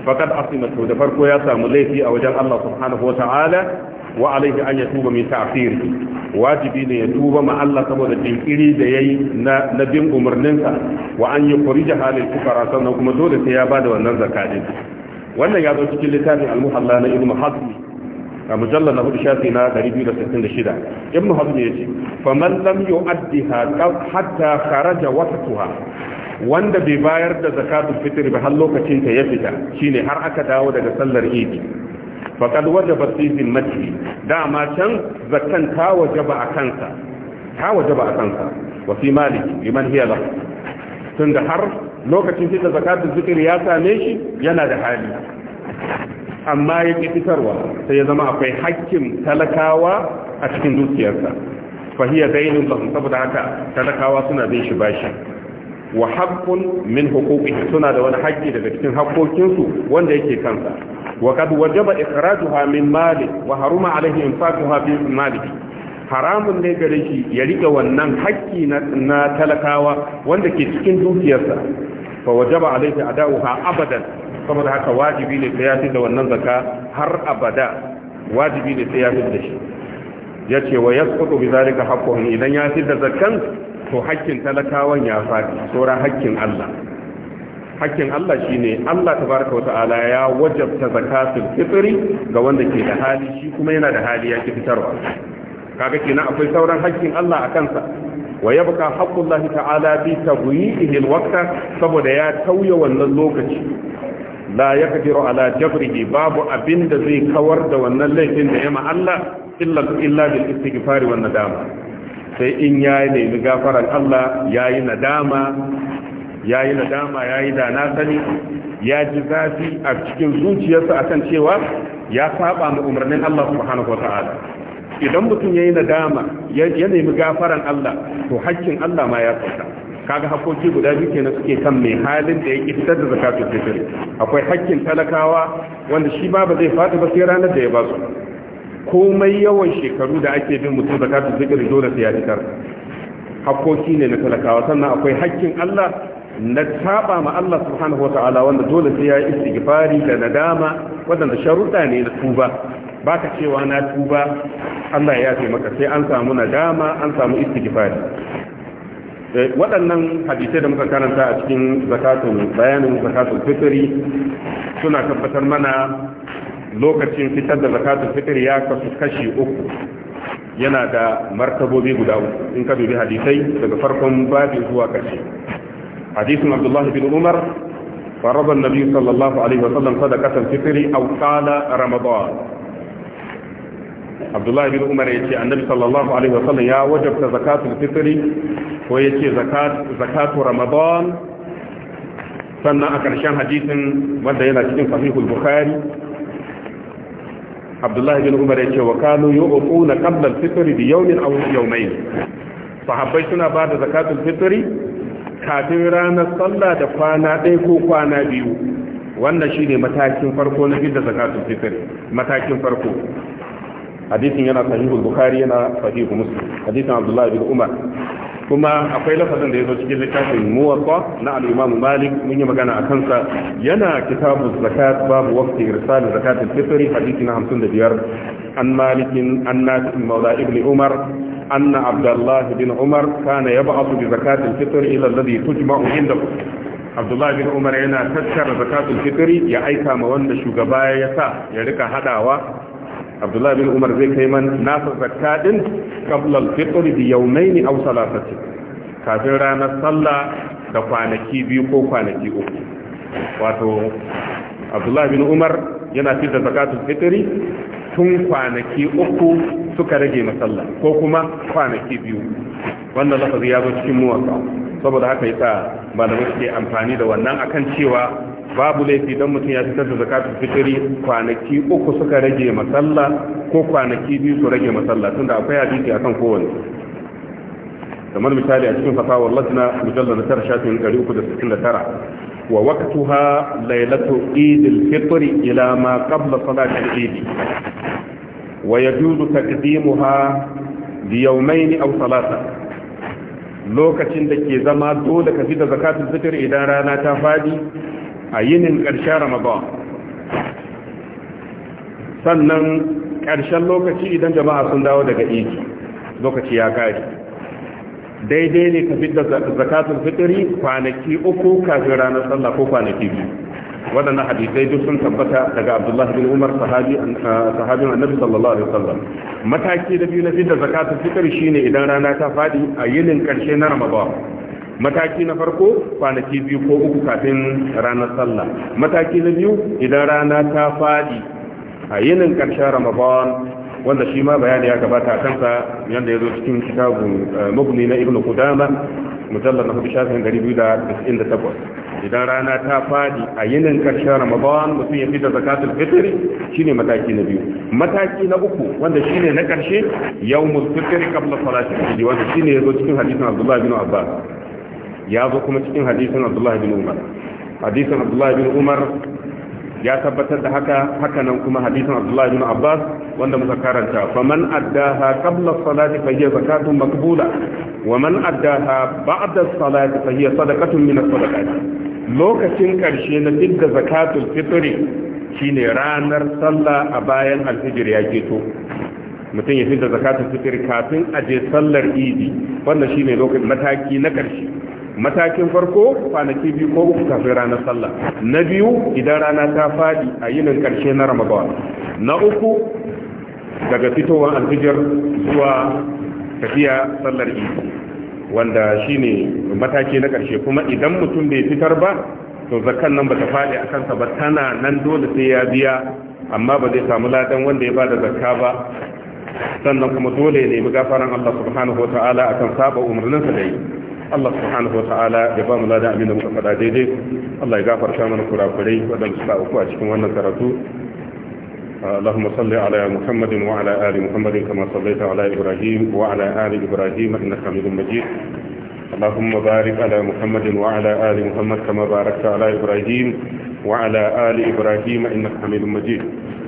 S1: faqad asima to da farko ya samu laifi a wajen Allah subhanahu wa ta'ala wa alaihi an yatuba min ta'khir wajibi ne ya tuba ma Allah saboda jinkiri da yayi na na bin umarninsa wa an yukhrija halil fuqara sannan kuma dole sai ya bada wannan zakatin wannan ya zo cikin littafin al-muhalla na ibnu hazmi a mujallar na hudu shafi na 266 ibn hazm yace faman lam yu'addiha hatta kharaja waqtuha wanda bai bayar da zakatul fitr ba har lokacin ta ya fita shine har aka dawo daga sallar idi faqad wajaba fi zimmati dama can zakkan ta wajaba a kansa ta wajaba a kansa wa fi maliki liman hiya la tunda har lokacin fitar zakatul fitr ya same shi yana da hali amma ya ƙi fitarwa sai ya zama akwai hakkin talakawa a cikin dukiyarsa fahiya dainin lahum saboda haka talakawa suna bin shi bashi wa haqqun min huquqihi suna da wani haƙƙi daga cikin haƙƙokinsu wanda yake kansa wa kad wajaba ikhrajuha min mali wa haruma alaihi infaquha fi mali haramun ne gare shi ya rike wannan haƙƙi na talakawa wanda ke cikin dukiyarsa fa wajaba alaihi ada'uha abadan saboda haka wajibi ne sai ya fi da wannan zaka har abada wajibi ne sai ya fi da shi yace wa yasqutu bi zalika haqquhum idan ya fi da zakan to hakkin talakawan ya faɗi saura hakkin Allah hakkin Allah shine Allah tabaraka wa ta'ala ya wajabta zakatul fitri ga wanda ke da hali shi kuma yana da hali ya fitarwa kaga kenan akwai sauran hakkin Allah a kansa wa yabqa haqqullah ta'ala bi tabyi'ihi alwaqta saboda ya tauye wannan lokaci la yaqdiru ala jabrihi babu abinda zai kawar da wannan laifin da yama Allah illa illa bil istighfar wan nadama sai in ya yi nemi gafaran Allah ya yi nadama ya yi nadama ya yi dana sani ya ji zafi a cikin zuciyarsa a kan cewa ya saba ma umarnin Allah subhanahu wata'ala idan mutum ya yi nadama ya nemi gafaran Allah to hakkin Allah ma ya sauka kaga hakoki guda biyu kenan suke kan mai halin da ya kisar da zakatul fitr akwai hakkin talakawa wanda shi ba ba zai fadi ba sai ranar da ya ba su komai yawan shekaru da ake bin mutum zakatun fitr dole sai ya fitar hakkoki ne na talakawa sannan akwai hakkin Allah na saba ma Allah subhanahu wa ta'ala wanda dole sai ya yi istighfari da nadama wadanda sharuɗa ne na tuba ba ka cewa na tuba Allah ya yafe maka sai an samu nadama an samu istighfari eh, waɗannan hadisai da muka karanta a cikin zakatun bayanin zakatun fitri suna tabbatar mana lokacin fitar da zakatul fitr ya kasu kashi uku yana da martabobi guda in ka dubi hadisai daga farkon babin zuwa kashi hadisin abdullahi bin umar faraba nabi sallallahu alaihi wa sallam sadaqatan fitri aw qala ramadan abdullahi bin umar yace annabi sallallahu alaihi wa sallam ya wajabta zakatul fitri ko yace zakat zakatu ramadan sannan a karshen hadisin wanda yana cikin sahihul bukhari abdullahi bin umar yake wa kanu yu'tuna qabla al-fitr bi yawmin aw yawmayn sahabbai suna ba da zakatul fitri kafin ranar sallah da kwana ɗaya ko kwana biyu wannan shine matakin farko na da zakatul fitr matakin farko hadisin yana sahihul bukhari yana sahihu muslim hadisin abdullahi bin umar kuma akwai lafazin da ya zo cikin littafin muwatta na al-imam malik mun yi magana a kansa yana kitabu zakat babu waqti irsal zakat al-fitr hadisi na 55 an malikin an nafi mawla ibn umar أن عبد الله بن عمر كان يبعث بزكاة الفطر إلى الذي تجمع عنده عبد الله بن عمر هنا تذكر زكاة الفطر يا أيكا مواند شغبايا يسا يلقى هداوة abdullahi bin umar zai kai man nasa zakka din qabla al-fitr bi yawmayn aw kafin ranar sallah da kwanaki biyu ko kwanaki uku wato abdullahi bin umar yana fitar zakatul fitri tun kwanaki uku suka rage masalla ko kuma kwanaki biyu wannan lafazi ya zo cikin muwaka saboda haka yasa malamai suke amfani da wannan akan cewa babu laifi don mutum ya fitar da zakatul fitri kwanaki uku suka rage masalla ko kwanaki biyu su rage masalla tunda akwai hadisi akan kowanne kamar misali a cikin fatawar latna mujallal na tara shafin ɗari uku da sittin da tara wa waqtuha lailatu idil fitri ila ma qabla salatil idi wa yajuzu taqdimuha bi yawmayn aw salasa lokacin da ke zama dole ka fi da zakatun fitar idan rana ta fadi a yinin ƙarshen ramadan sannan ƙarshen lokaci idan jama'a sun dawo daga iji lokaci ya kare daidai ne ka fidda zakatun fitiri kwanaki uku kafin ranar sallah ko kwanaki biyu waɗannan hadisai duk sun tabbata daga abdullahi bin umar sahabin annabi sallallahu alaihi wasallam mataki da biyu na fidda zakatun fitiri shine idan rana ta faɗi a yinin ƙarshe na ramadan mataki na farko kwanaki biyu ko uku kafin ranar sallah mataki na biyu idan rana ta faɗi a yinin ƙarshen ramadan wanda shi ma bayani ya gabata a kansa yadda ya zo cikin kitabun eh, mabuni na ibn kudama mujallar na hudu shafin dari biyu da tis'in da takwas idan rana ta faɗi a yinin karshen ramadan mutum ya fi da zakatul fitri shine mataki na biyu mataki na uku wanda shine na ƙarshe yau fitri qabla kabla al-fajr wanda shine ya zo cikin hadisin abdullahi bin abbas ya zo kuma cikin hadisin abdullahi bin umar hadisin abdullahi bin umar ya tabbatar da haka haka nan kuma hadisin abdullahi bin abbas wanda muka karanta fa man addaha qabla salati fa hiya zakatun maqbula wa man addaha ba'da salati fa hiya sadaqatun min as-sadaqat lokacin karshe na fidda zakatul fitri shine ranar sallah a bayan alfijir ya keto mutum ya da zakatun fitri kafin aje sallar idi wannan shine lokacin mataki na karshe matakin farko kwanaki biyu ko uku kafin ranar sallah na biyu idan rana ta faɗi a yinin karshe na ramadan na uku daga fitowar alfijir zuwa tafiya sallar idi wanda shine mataki na ƙarshe kuma idan mutum bai fitar ba to zakan nan bata faɗi a kansa ba tana nan dole sai ya biya amma ba zai samu ladan wanda ya bada zakka ba sannan kuma dole ya nemi gafaran Allah subhanahu wa ta'ala akan saba umarninsa da yi Allah subhanahu wata'ala ya ba mu ladan abin da muka faɗa daidai Allah ya gafarta mana kurakurai waɗanda suka uku a cikin wannan karatu اللهم صل على محمد وعلى آل محمد كما صليت على إبراهيم وعلى آل إبراهيم إنك حميد مجيد اللهم بارك على محمد وعلى آل محمد كما باركت على إبراهيم وعلى آل إبراهيم إنك حميد مجيد